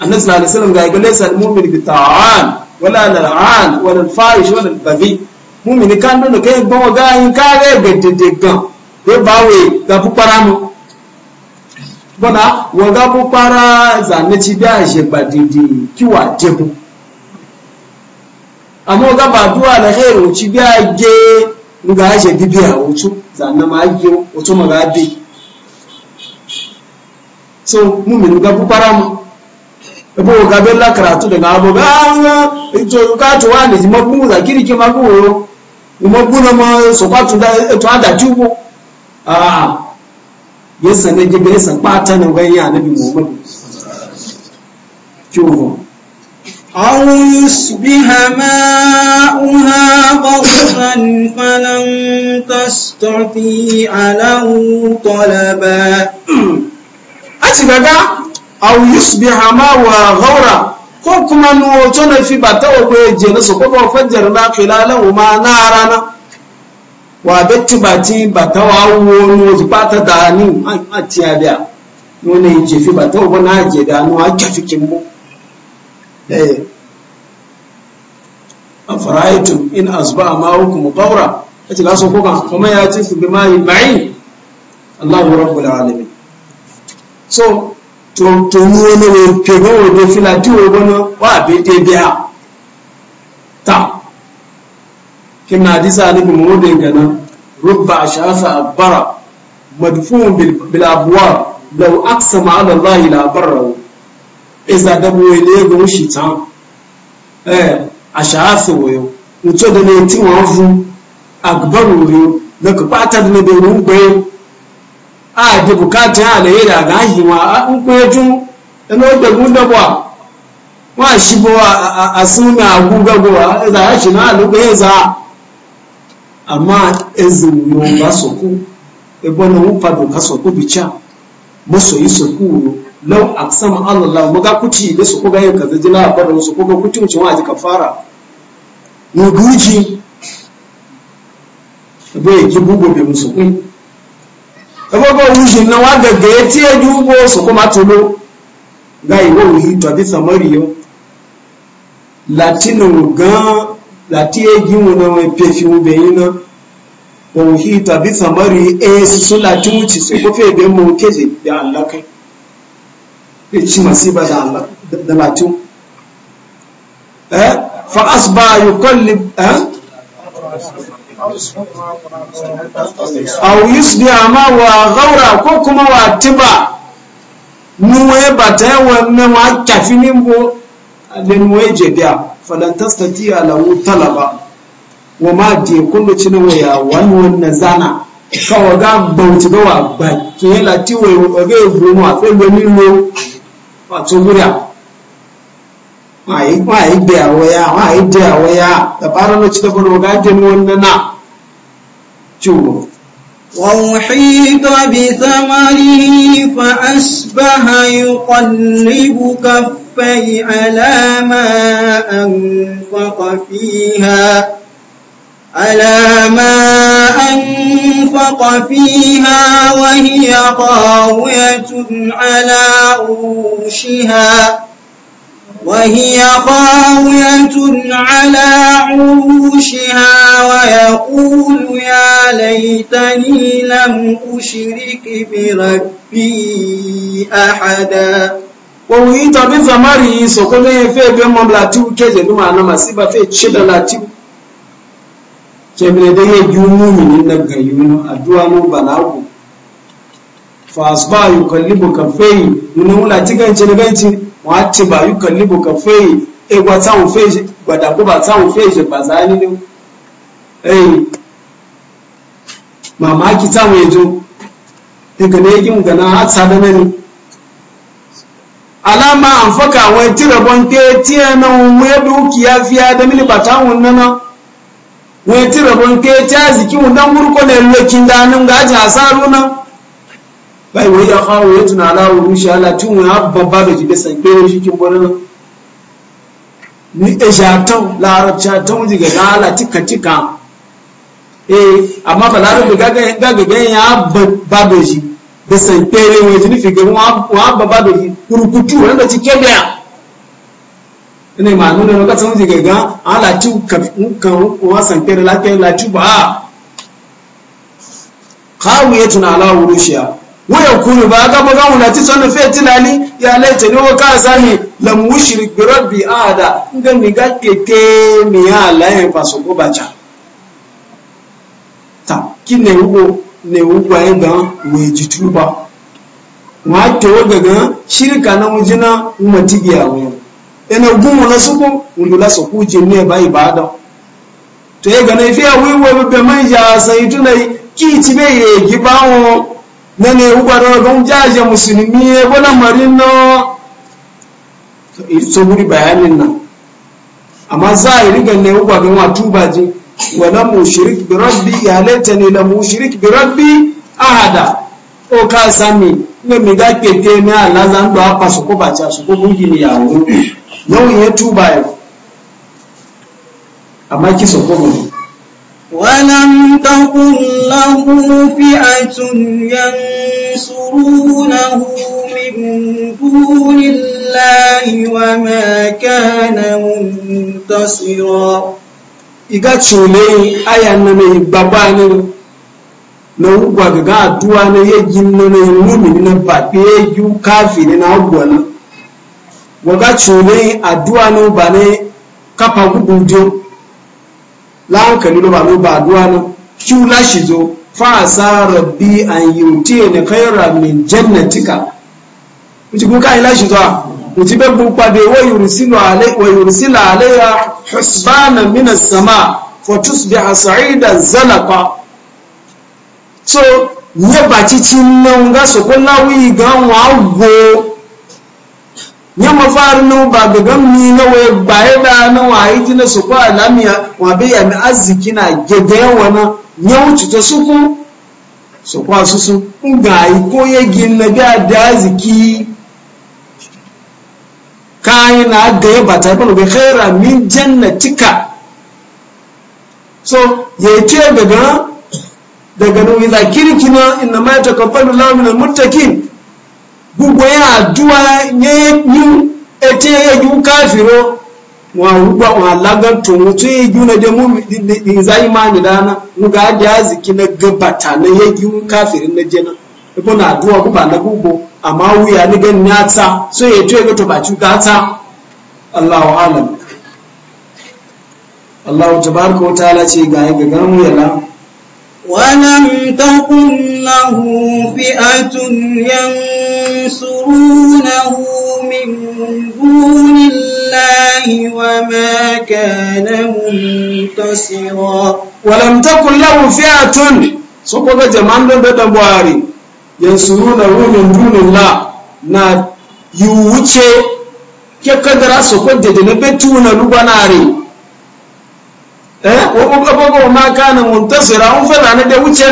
annabi sallallahu alaihi wasallam ga ga laysa almu'min bi ta'an wala nal'an wala al-fahish wala al-baghi mu'min kan don kai gbawa ga yin kare ga e gan. ye bawe ga fukpara mu bọ́dá wọ́n ga fukpara bí àṣegbà dìdì kí wà dẹ́bu àmọ́ wọ́n ga bàdúrà lẹ́hẹ́rẹ́ òtí bí àgé nga àṣẹ bíbí àwòtú zanama ayé òtú mọ̀ gá so mu mi ga mu ebo ga bella karatu daga abo ga ito ka to wa ne mabu za kiriki mabu yo mabu na tu da a yasa na gibe yasa bata na wani annabi muhammadu kyau أو يصبح ماؤها غورا فلن تستطيع له طلبا أتبقى أو يصبح ماؤها غورا ko kuma nuwato na fi ba ta wakwai je na na filalan ma na rana wàbẹ tìbàtì bàtà wà wọ ní ojú pátá àti àbíà ní wọn lè jẹfẹ bàtà wọn náà jẹ dání wọn àjẹfẹ kí n bọ. afaraitu in asba ma qawra ati e la so ko kuma ya ci bi ma ma'in Allahu rabbul alamin so to to ni wani pe go fila ti wo bona wa be ta Kin na hadisa ne bi mudin gana rubba ashafa abara madfun bil abwab law aqsama ala allah la barra iza dabo ile go shi tan eh ashafa wo mutu da ni ti won fu akbaru yo da ka pata da ne be run gbe a de bukata ala ira ga yi wa an kwejun eno de gunda bwa wa shi bo a suna na gugagowa e za a shi na alugai za amma ezin yonga soku ebona upa doka soku bicha masoyi soku no lau aksam allah maga kuti da soku ga yanka zajila ba da soku ga kuti mucin waje kafara no duji ebe ki bugo be musoku ebe ga wuji na wa gaga yati ya dubo soku matolo ga iwo wi to bi samariyo latino gan la gimu giwu na we pefi u be ina o hi ta bi samari e si so Lati tu ci so ko fe be mo ke je ya Allah kai e ci ma si ba da Allah da la tu eh fa asba yuqallib eh aw yusbi ama wa ghawra ko kuma wa tiba nuwe batewa me wa kafini mbo le nuwe je dia falantastatiya lahu talaba wa ma je kullu cinu waya wannan na zana kawo ga bauti gawa ba ke lati wa ga gomo a tsaye gomi ne a to gura ma yi ma yi da waya ma yi da waya da fara no cikin da baro ga je wannan na ciwo وأحيط بثمره فأصبح يقلب كفي على ما أنفق فيها على ما أنفق فيها وهي طاوية على عروشها وهي خاوية على عروشها ويقول يا ليتني لم أشرك بربي أحدا wawuita biza mari sokolo ye fe be mom la tiw keje duma na masiba fe chida la tiw kebele de ye jumu min na ga yuno adua no balagu fa asba yukallibu kafai nunu la tigan chene ganchi wọ́n á ti bàyú kan níbò kan fẹ́yì ẹgbà táwọn fẹ́yì gbàdàgbọ́bà táwọn fẹ́yì ṣe pàṣẹ nínú ẹyìn màmá kí táwọn ètò ìgbìnà ẹgbẹ́ ìgbìnà àtàdé mẹ́nu. alama an faka wai tira bonke tiya na umwe dukiya fiya da mini batawun nana wai dan gurko ne lokin da nan ga bai wai ya kawo ya tuna ala wuru shi ala tun wani abu babba da jibe san kere shi kin gurin ni e jatan larabci tan jiga na ala tika tika eh amma ba larabi gaga gaga ga ya babba shi da san kere wani jini fi gurin wa babba da shi kurkutu wanda ci kebe ina ma nuna maka tan jiga ga ala tu kan wa san kere la kere la tu ba kawiyatun ala wuru shi ala ويكون Kulu, بقا وناتي صنع فيتنا لي يا ليتني وكاساني لم أشرك بربي أحدا نغن نغن كتيمي يا الله فاسوكو باجا تا كي نهوغو نهوغو أيضا ويجتوبا wato daga shirka na mujina umatigiya wuyan ina gumu na suku undula su kuje ne ba ibada to ya ga na fiya wiwa bebe manja sai tunai ki ci be ye gibawo na ne gwaro don jaje musulmi ya gwana marino ita wuri bayanin nan amma za a yi rigar ne gwaro wa tubaji wala mushrik bi rabbi ya laita ne la mushrik bi rabbi ahada o ka sami ne mi ga kete ne ala zan do apa su ko bacha su ko bugi ne ya wuri nau'in ya tuba ya amma ki so ko mu ولم تكن له فئة ينصرونه من دون الله وما كان منتصرا iga cule aya na mai baba ne na ugwa gaga aduwa na ya ginna na ya mumi na babe ya yi kafi ne na ugwa na waga cule aduwa na ba ne kafa gudu láǹkàní ló bá ló bá àdúrà náà kí ó láṣì tó fáàsá rọ̀bí àyìn tí ne kẹ́rà mi jẹ́nà tíkà ó ti gún káyìn láṣì tó à kò ti bẹ́ gbogbo padà wọ́n yòrì sílà àléyà husbana mina sama fa bi asaida zalapa so nye ba nan ga so ko lawi ga wa go nyama faru nu ba gagan mi na ba e baye da na waye na su kwa lamiya wa be ya mi arziki na gege wana nyawuci ta suku su kwa susu nga yi ko ye gin na biya da arziki yi na ba ya bata ba be khaira min jannatika so ye ce daga daga nu ila kirkina inna ma takabbalu lahu min almuttaqin gbogbo ya àdúwà ní etí ẹjú káfìró wọn rúgbà wọn alágàtò wọn tún ẹjú na dẹ mú ìzáyí dáná wọn ga ajá na gabata na yẹjú káfìrí na jẹ na ebo na na gbogbo ní gẹ ní ata so allahu alam allahu tabaraka wa ta'ala ce ga ya mu ولم تكن له فئة ينصرونه من دون الله وما كان منتصرا ولم تكن له فئة سوكوكا جمان دا بواري ينصرونه من دون الله نا يوچه كيف قدر سوكوكا جدنا بتونا لبناري wabu kabogo ma kana muntasira un fana na da wuce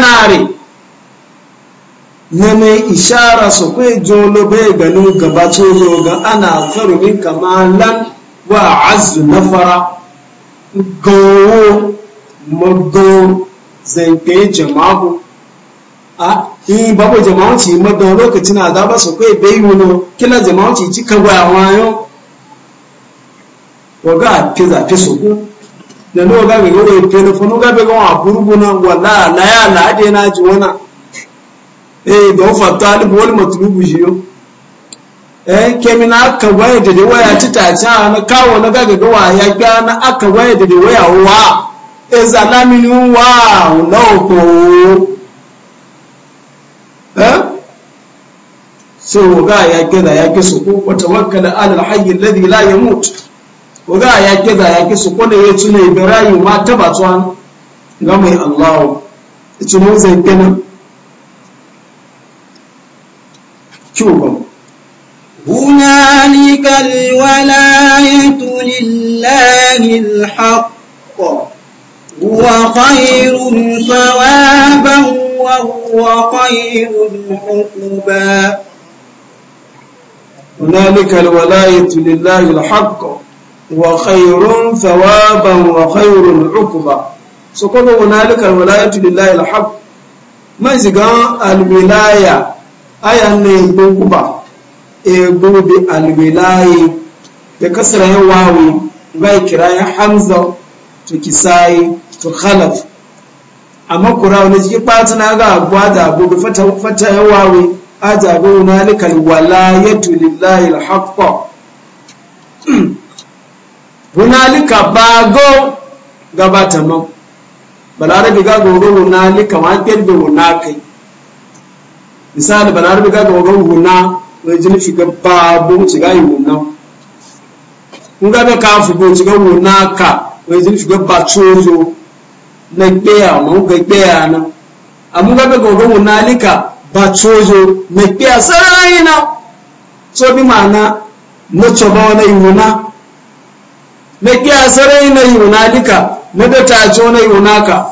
na mai ishara su jolo bai ganin gaba tsoro ga ana karumin kamalan wa azu nafara gowo mago zai jama'u a babu su bai kila cika waga fi zafi su da no ga be go e pele fo ga be go a na wala la ya la de na ji wana eh do fa talib wal matlubu jiyo eh kemi na aka waye da waya ci ta ta na kawo na ga ga waya ga na aka waye da waya wa e zalami ni wa na ko eh so ga ya ga ya ke su ko tawakkala ala alhayy alladhi la yamut waga a yaƙe da yaƙe su kone ya tuna ibe rayu ma taba tuwa ga mai allahu ita mun zai kenan kyau هنالك الولاية لله الحق هو خير ثوابا وهو خير حقبا هنالك الولاية لله الحق وخير ثوابا وخير عقبا سكون هنالك الولاية لله الحق ما زغا الولاية أي أن يبوبا يبوب الولاية بكسر واوي باي كراي حمزة تكساي تخلف أما قراءة ونجي باتنا غا أبوادا أبوب فتا واوي أجابوا هنالك الولاية لله الحق hunalika bago gabata mau balarabi gaga wurin hunalika ma ƙirɓe hunakai misali balarabi gaga wurin huna wani jini shiga babu shiga yi huna in gabe ka fugo shiga hunaka wani jini shiga ba cozo na ƙeya ma ga ƙeya na amma gaga wurin hunalika ba cozo na ƙeya sarari na so bi ma'ana na yi wani huna na kiyasarai na yunalika na da taco na yunaka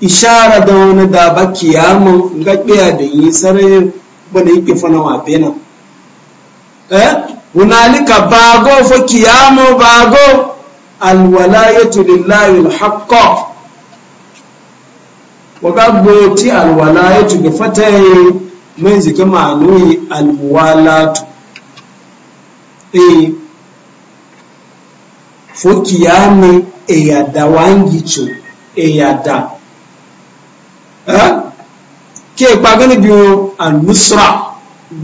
ishara da wani da ba kiyamun ga kiya da yi sarai ba da yake fana wa bena eh hunalika bago fa kiyamu bago alwalayatu lillahi alhaqqa wa gabbati alwalayatu bi fatayi min zikama anuyi alwalatu eh fokiyami eyada wangicho eyada ke kpagani biyo anusra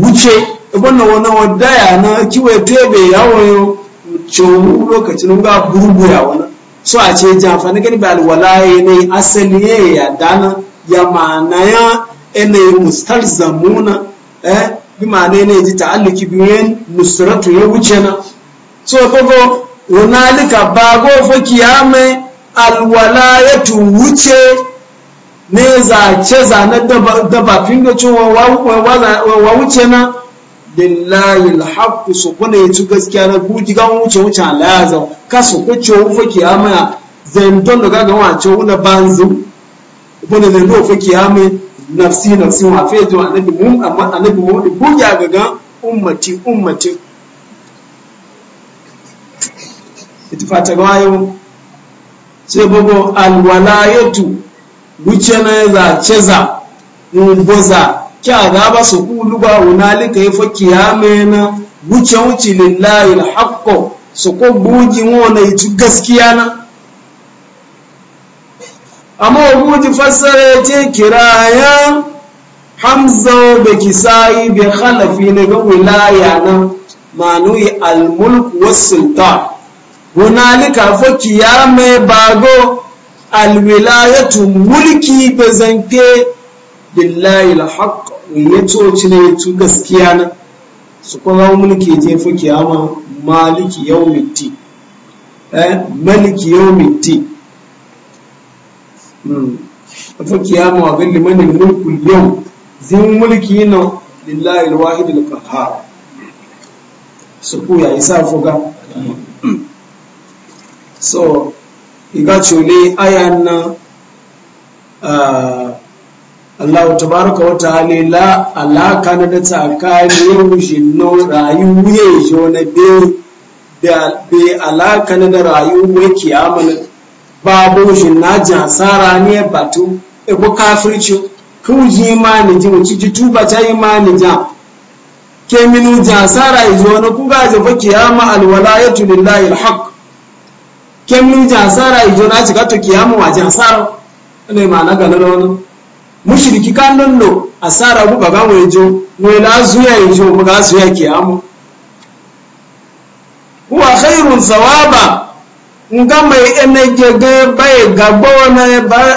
wuce ibonna wani wadaya na kiwe tebe yawon yau cewu lokacin ga burbuya wani so a ce jamfani gani ba alwalaye ne asali ya yada na ya ma'ana ya ene mustar zamuna eh bi ma'ana ne ji ta'alliki biyu yin nusratu ya wuce na so kogo hunalika bago fa kiyame alwalayatu wuce ne zace zane dabafin da cewa wa wuce na lillahi alhaqu su kuna yi gaskiya na buji ga wuce wuce alayazan kwa su kuce wufa kiyame a zendon da gaga wace wuna banzu kuna zendo wufa kiyame nafsi nafsi wa fetu annabi mu annabi mu buja gaga ummati ummati itifatagwayo sai bugu alwalayatu wuce na za ceza mumboza kya gaba su kulu ba hunalika ya faki ya wuce wuce lillahi alhaqqo su ko buji wona itu gaskiya na amma buji fassara ce kiraya hamza da kisai ba khalafi ne ga wilaya na manuyi wa was hunalika fo kiyame bago alwilayatu mulki da zanke billahi alhaq ya toci ne tu gaskiya na su kuma mulki je fo kiyama maliki yawmitti eh maliki yawmitti hmm fo kiyama wa bil yau zin mulki na lillahi alwahid alqahar su ku ya isa foga so igachule ayan nan ah, Allah tabaraka wa ta'ala la alaka na da tsakanin jinno rayuwa jo na be da be alaka na da rayu rayuwa kiyama babu shi na jinna jasara ne batu e ko kafirci kun ji imani ji mu ji tuba ta yi imani ja ke minu jasara ji wani kuga ga kiyama alwalayatu lillahi alhaq kemnu ji asara ijo na ci kato kiyamu wa ji asara ne ma na ganin wani mushriki kan don no asara ku ga mu ijo mu la zuya ijo mu ga zuya kiyamu huwa khairun thawaba ga mai ene gege baye gagbo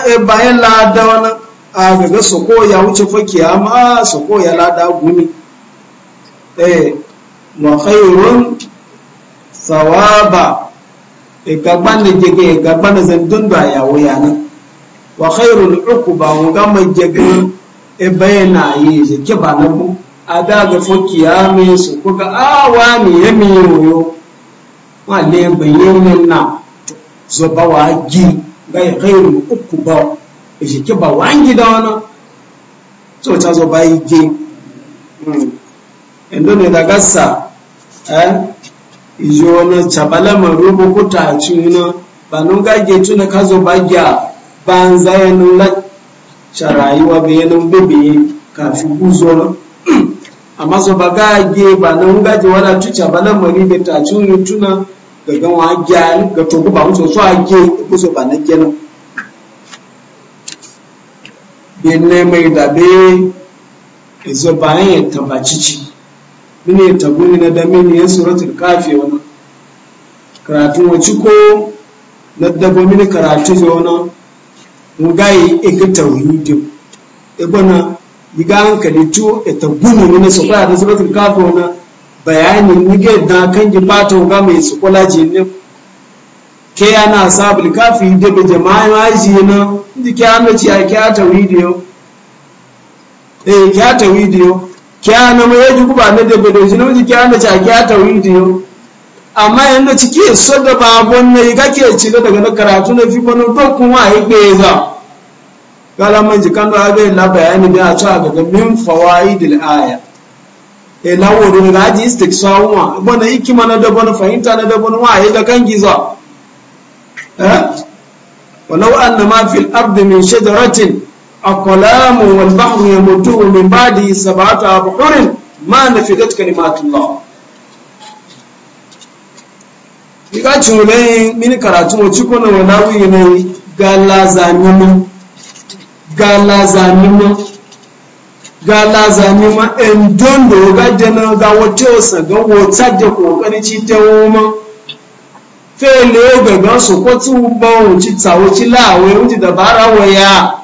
e baye lada wani a gaga soko ya wuce fa a soko ya lada guni eh wa khairun thawaba igagban da jege igagban da zandun da ya wuya nan wa khairul uquba mu ga mai jege e bayana yi je ke ba nan ku ada ga fokiya me su ku awa ne ya mi yoyo ma le bayyana na zo ba wa gi ga khairul uquba e je ke ba wangi da wannan so ta zo ba yi gi mm endo ne da gassa eh ijo na tabala marubo kuta cuna ba nun gage tuna kazo bagya ba ban zaya nun la charayuwa be nun bebe kafi uzo na amma so bagage ba nun gaje wala tu tabala maribe ta cuna tuna ga gan wa gyan ga to ba mu so so age ko so ba na kenan bin ne mai dabe izo bayan ya tabacici mini tabuni na da mini yan suratul kafi wani Karatun wacce ko na dabo mini karatu ne wani mu gayi ega tauhidi ebona yiga hankali tu eta gumu ne na kwaya na suratul kafi wani bayani ni ga da kan ji fata ga mai su ji ne ke ana sabul kafi da be jama'a ji na ji ke ana ci a ke tauhidi yo eh ke tauhidi yo kyana mu yaji kuba na daga da jinin ji kyana ta kya tawhidi yo amma yanda ciki so da babon ne kake ci daga na karatu na fi bano don kuma yi za kala man ji kan da ga la bayani da a cewa daga min fawaidil aya e la woro ga ji wa. bana hikima na da bano fahimta na da bano wa yi ga kan giza eh walau anna ma fil ardi min shajaratin akolamu wal bahru yamutu min ba'di sab'ati abhurin ma nafidat kalimatullah diga tunle mini karatu mu ci kono wa yi ne galazanimu galazanimu galazanimu en dondo ga jena ga wato sa ga wata je kani ci tewo mu fe le ga ga so ko tu bo ci tawo ci lawe ti dabara wa ya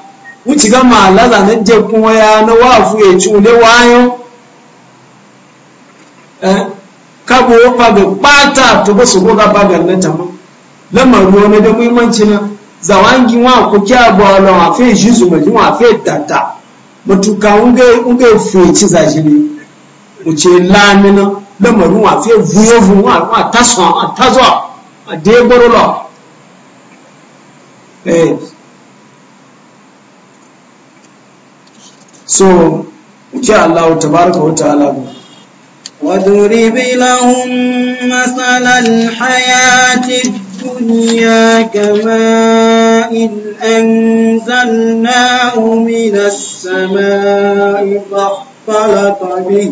wuce ga malaza na je kuma ya na wafu ya ci ule wayo eh, kabo faga bata to ba su goga faga na tama lamarin wani da muhimmanci na zawangi wa ko kya bolo wa fe jizu ma wa fe tata mutuka unge unge fe ci za shi ne uce lamina lamarin wa fe vuyo vu wa wa taso wa tazo a de borolo eh so ki Allah tabaraka wa ta'ala ba لهم مثل الحياة الدنيا كماء أنزلناه من السماء فاختلط به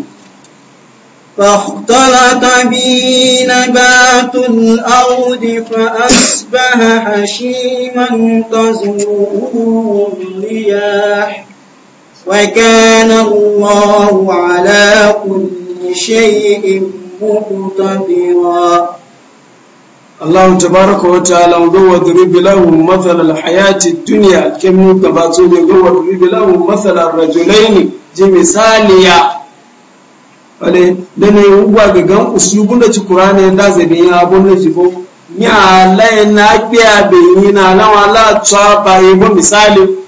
فاختلط به نبات الأرض فأصبح هشيما تزروه الرياح وكان الله على كل شيء مقتدرا الله تبارك وتعالى وضرب لهم مثل الحياة الدنيا كم كباتون وضرب لهم مثل الرجلين جمثاليا wale dane ugwa ga gan usulubun da ci qur'ani da zabe ya abun da jibo ni ala na biya be ni na lawa la tsaba yi misali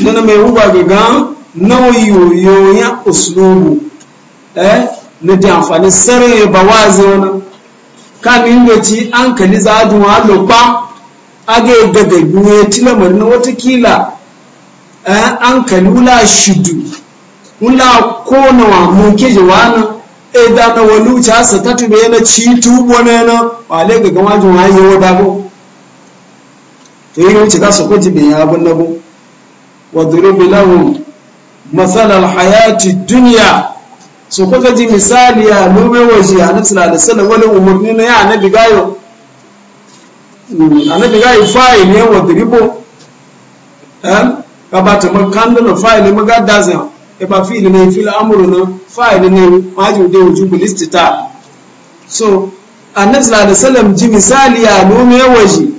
nana mai ruba gaga nawa yoyoyin uslubu eh na da amfani sarai ba wa kamin da ci an kali za a juma lokpa aga daga biyu na watakila eh, an wula shudu wula kona wa muke jiwana e wuce asa ta yana ci tubo na yana ba lai wa dago to wadrib lahum masal alhayati dunya so kuka ji misali ya lube waje a nasu da sallan wani umarni na ya annabi gayo annabi gayo fayi eh? e ne wadribo kaba ta makandana fayi ne maga dazin ya ba fi'ili ne fil amru na fayi ne maji da wujubul ta. so annabi sallallahu alaihi wasallam ji misali ya lube waje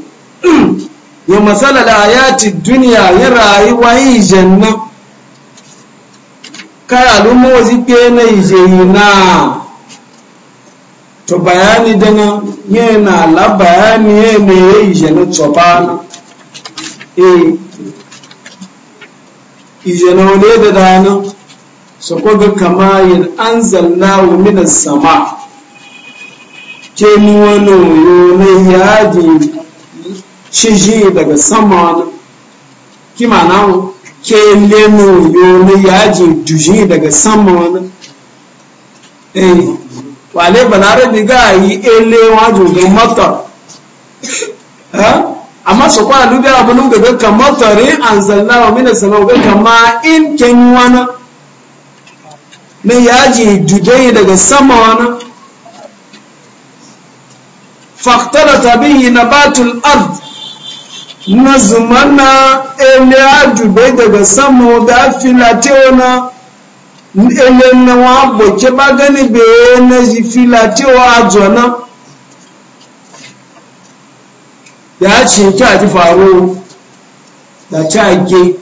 ya matsala da ci duniya ya rayuwa yi janna kai al'umma wazi ke na yi na to bayani dana na la bayani yana ya yi janna tsofa e ijana wani da dana su ga kama yin an zanna wa minan sama ke ni wani yoyo na yadi shiji daga sama kima na ke lemu yoni yaji duji daga sama wani eh wale balarabi ga yi ele wajo ga mata ha amma su kwa lube abin ga ga ka tare an zalla wa mina sama ga kama in ken wani na yaji dudai daga sama wani faktalata bihi nabatul ard na zumana ele adube daga sama da filateona ele na wa boke ba gani be na ji filatewa azona ya ce ta ji faro da ta ge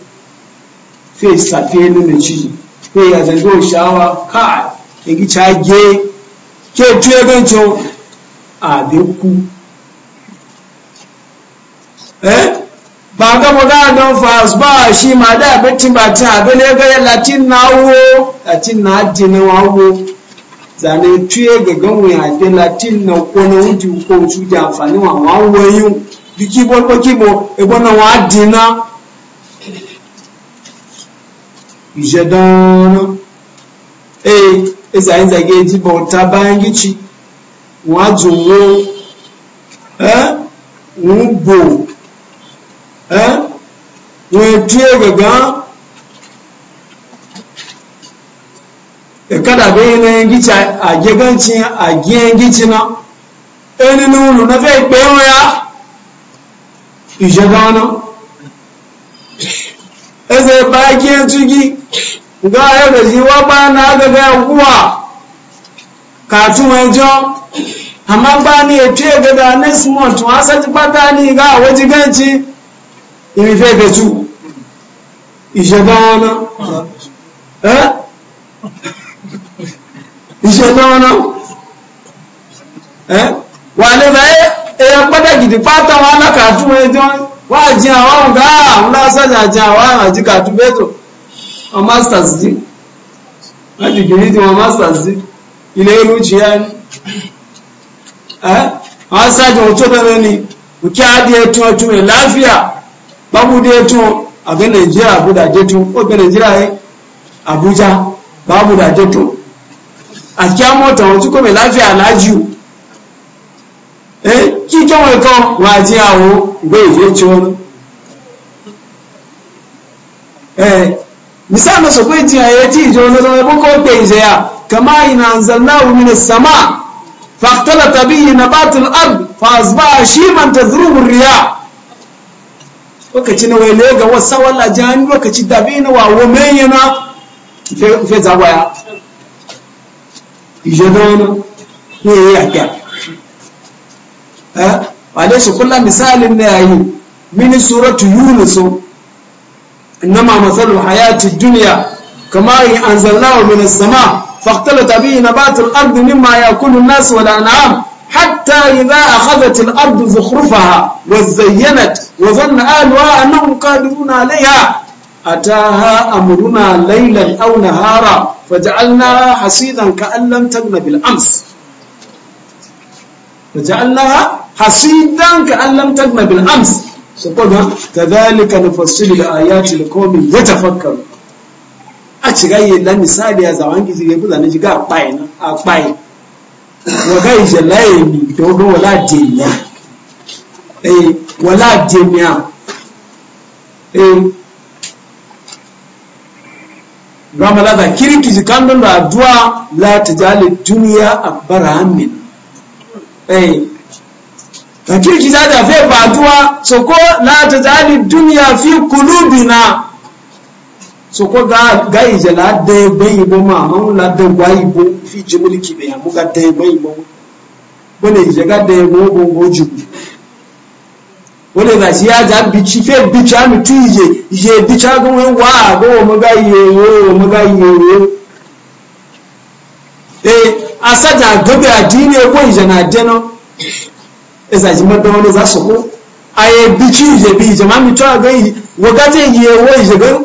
fe safe na ci fe ya zango shawa ka ya gi e ta ge ke tuye gancin a ku. Eh? ba ga maga don fas ba shi ma da bacci ba ta abu ne ga latin na wo latin na jini wa wo zane tuye ga ganwe a ke latin na kone wuti ko su ji amfani wa wa yi. biki bo ko bo eh, e bona wa dina ije don eh esa inza ge ji bo tabangichi wa juwo eh wo bo wọn tún yẹ gangan ìkadà bẹ́ẹ̀ ní ẹnjítsí àjẹgàntsí àjẹ ẹnjítsí náà ẹni ní wùlù náà fẹ́ẹ́ pé ya ìjẹgàn náà ẹsẹ̀ báyìí ẹtúgì nga ẹbẹ̀ sí wọ́n next month ìrìnfẹ́ e ìṣẹ̀dá ọ̀nà ẹ́ ìṣẹ̀dá ọ̀nà ẹ́ wà nígbà èyàn pàtàkì dì pátá wọn alákàtú ẹjọ́ wà jí àwọn ọ̀gá àwọn lásàjà jí àwọn àjí kàtú bẹ́tò wọn masters dí masters ni eh? ni babu da ya to a ga Najeriya abu da je to ko ga Najeriya ya Abuja babu da je to a kya mota wato ko mai lafiya alhaji eh ki kyan wai ko wa ji awo bai je ci wani eh misali na kai ji ya ti je wani zama ko ko pe ije ya kama ina zanna min as-sama batun به fa الأرض shi شيما تذروب riya. lokaci na wele ga wasa wala jani lokaci dabi na wa women yana fe zawaya ije dono ne ya kya eh wale su kullu misalin na yayi min suratu yunus innama masalu hayati dunya kamar anzalnahu min as-sama faqtalata bihi na al-ardi mimma yakulu an-nas wal an'am hatta idza a al-ard zukhrufaha wa zayyanat wa dhanna ahluha annahum qadirun 'alayha ataha amruna laylan aw nahara faj'alnaha hasidan ka'an lam tagna bil ams faj'alnaha hasidan ka'an lam tagna bil ams saboda kadhalika nufassilu al-ayati liqaumin yatafakkarun a cigaye dan na apai wọ́gá ìṣẹ̀lá èmi ìjọgbọ́n wọ́n láti èmi wọ́n láti èmi à ramalada kirkiji kandun da aduwa lati jali duniya a bara amin da kirkiji da fai aduwa so duniya fi so ko ga ga ije la de be ibo ma ma un la de gwa ibo fi je mo liki be amu ga de be ibo bo le ije ga de mo bo bo ju bo le ga si aja bi chi fe bi cha mi tu ije ije bi cha go we wa go mo ga iye o mo ga iye o eh asaja gobe adini ko ije na de no esa ji mo do no za so ko aye bi chi ije bi ije ma mi tu ga iye wo ga te iye o ije go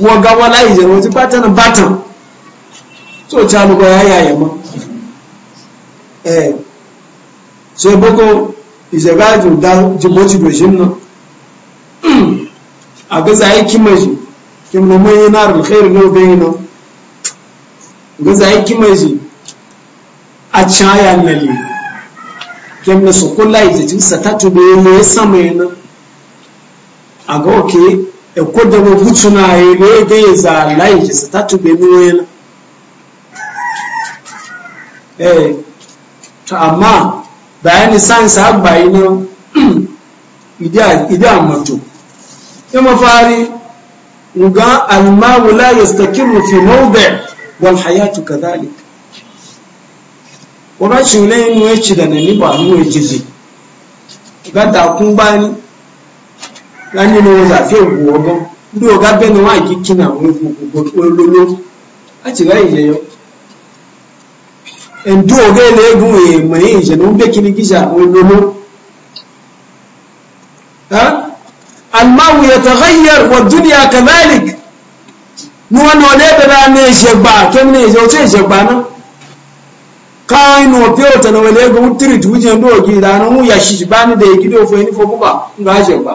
wọ́n eh. ga wọ́n láì jẹ̀rọ tí pátánà bátàn tí ó ti alùgbọ́ ayá yẹ mọ́ ẹ̀ ṣe boko ìṣẹ̀gá ìjọba jìbọ́tì bèṣe náà àgbẹ́sà yìí kí mẹ́ṣì kí mọ̀ mọ́ yìí náà rẹ̀lẹ́rẹ̀ ló bẹ́ yìí náà àgbẹ́sà yìí kí mẹ́ṣì àcháyà nàlẹ̀ kí mọ̀ sọ̀kọ́ láì jẹ̀ tí sàtàtù bẹ́ẹ̀ lọ́ sàmì náà àgọ́ òkè ekoda bo gutuna ebe ga yeza laiji satatu be nuwena eh to amma bayani science agba ina na ida mato ya mafari nga almawu la yastakiru fi mawdi' wal hayatu kadhalik ora shule mu yaci da ne ba mu yaci ji ga da kun bani lani ni wọn zàfẹ́ òkú ọgbọ́n ndí ọ̀gá bẹ́ẹ̀ ni wọ́n náà wọ́n gbogbo olóló láti ráyè yẹyọ. ẹ̀ǹdú ọ̀gá ẹlẹ́gùn èèmọ̀ yìí ìṣẹ̀lẹ̀ ń bẹ́ kí ni kíṣà olóló. almawu yataghayyar wa dunya kadhalik ni wọn nọ lẹ́bẹ̀ẹ́ bá ní ìṣẹ̀gbà tó ní ìṣẹ̀gbà náà kawai no fiyo ta na wale ga wutiri tuje ndo gi da nan ya shi bani da ya gido fo ni fo buba ngaje ba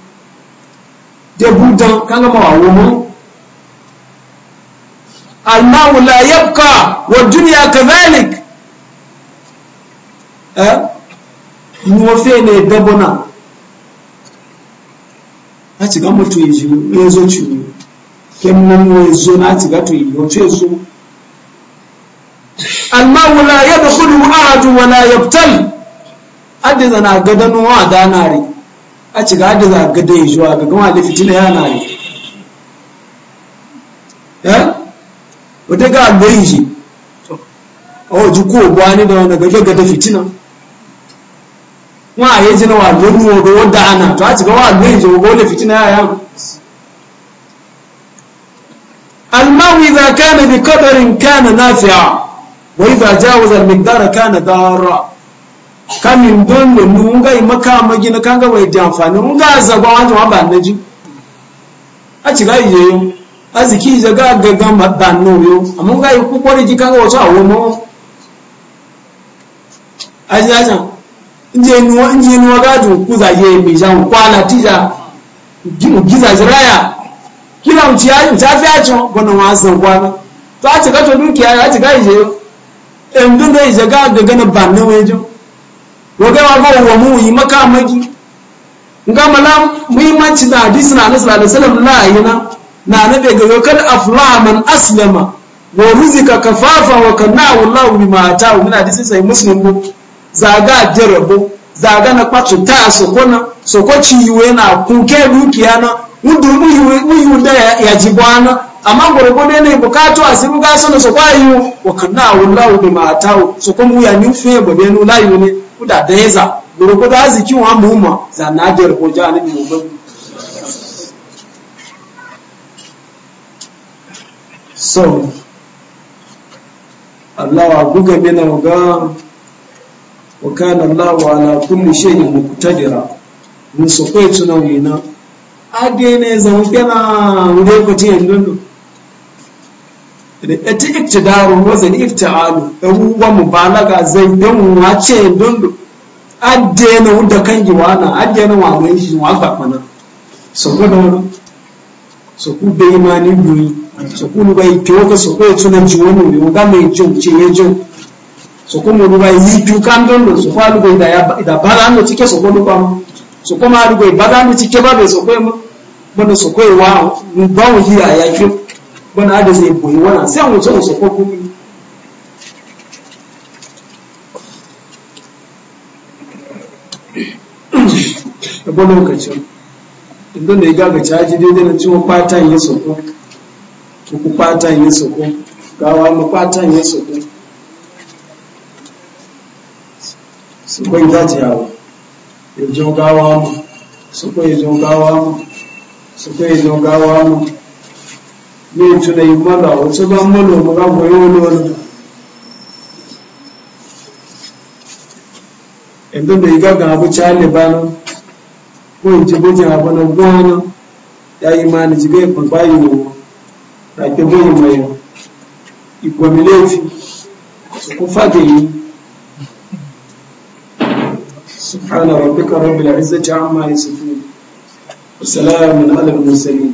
debutan kan gama wa womo almahu la yabqa wa dunya kadhalik eh ni wo fe ne dabona ati ga mutu yiji ezo chuni kem nan wo ezo na ati ga to yi wo ezo almahu la yadkhulu ahad wa la yabtal adina na gadanu wa danari a ci gadi za ga dai zuwa ga kuma da fitina ya na ya wata ga gai shi a waje ko gwa da wani gaje ga da fitina kuma a yi jina wa lori wa wadda ana to a ci gawa gai zuwa ga wani fitina ya yamu almawi za ka na bi kadarin ka na nafiya wai za jawo zarmin dara ka na dara kamin dondo nunga imaka magina kanga wai da amfani nunga zagwa wa ban a ci ga ga gaga madan yo yi kokori ji kanga nje nuwa nje nuwa ga du ye mi jan kwala tija giza kila mtafi acho gono to a to a ci ga ije ga gaga na waga wa wa mu yi maka magi nga mala muhimmanci da hadisi na nasu da salam la yana na na bai ga kan afla man aslama wa ruzika kafafa wa kanahu Allah bima ata'u min hadisi sai muslim bu zaga jarabo zaga na kwatu ta sokona sokoci yiwe na kunke dukiya na mudu mu yiwe da ya jibwana amma gwargwado ne bukatu a sun gasa na sokwayo wa kanahu Allah bima ata'u sokon mu ya nufe gwabe no layu ne kuda da yasa gurgudu ziki wa muhimma za na da rubuja a nabi muhammadu so Allah wa buga na ga wa kana Allah wa ala kulli shay'in muqtadira mun so kai tunan wina ade ne zan kana wuri ko tiyan dondo ita iktidaru wazan iftialu abubuwa mubalaga zai yan wace don adena wanda kan giwana adena wa mai shi wa ba kana so ku da wani so ku be imani biyu so ku ba ito ka so ko tuna ji wani ne wanda mai jin ce ya jin so ku mu ba yi biyu kan don so ku alugo da ya da bala no tike so ku ba so ko ma alugo bala no cike ba be so ku mu bana so ku wa mu ba wu hiya ya ki bọ́nà á dẹ̀sẹ̀ ìbò ìwọ́n náà sí àwọn òṣèlú sọ̀pọ̀ gbogbo ẹgbọ́n lokacin inda da ga gagace haji daidai na ciwon fatan ya soko kuku fatan ya soko gawa ma fatan ya soko su kwai yawo ya jo gawa mu su kwai jo gawa mu su kwai jo gawa mu ní ìtura ìmọ́lá ò tó bá mọ́lò ọmọláwọ̀ yóò lọ́nà ẹ̀dọ́ da ìgága abúcha alìbáná kó ìjìbójì àbọ̀nà gbọ́nà yayi ma ni jibe ìpàgbá ìwò na gbogbo ìmọ̀ ẹ̀yọ̀ ìgbòmìlẹ́fì sọkún fàdé yìí سبحان ربك رب العزة عما يصفون وسلام على المرسلين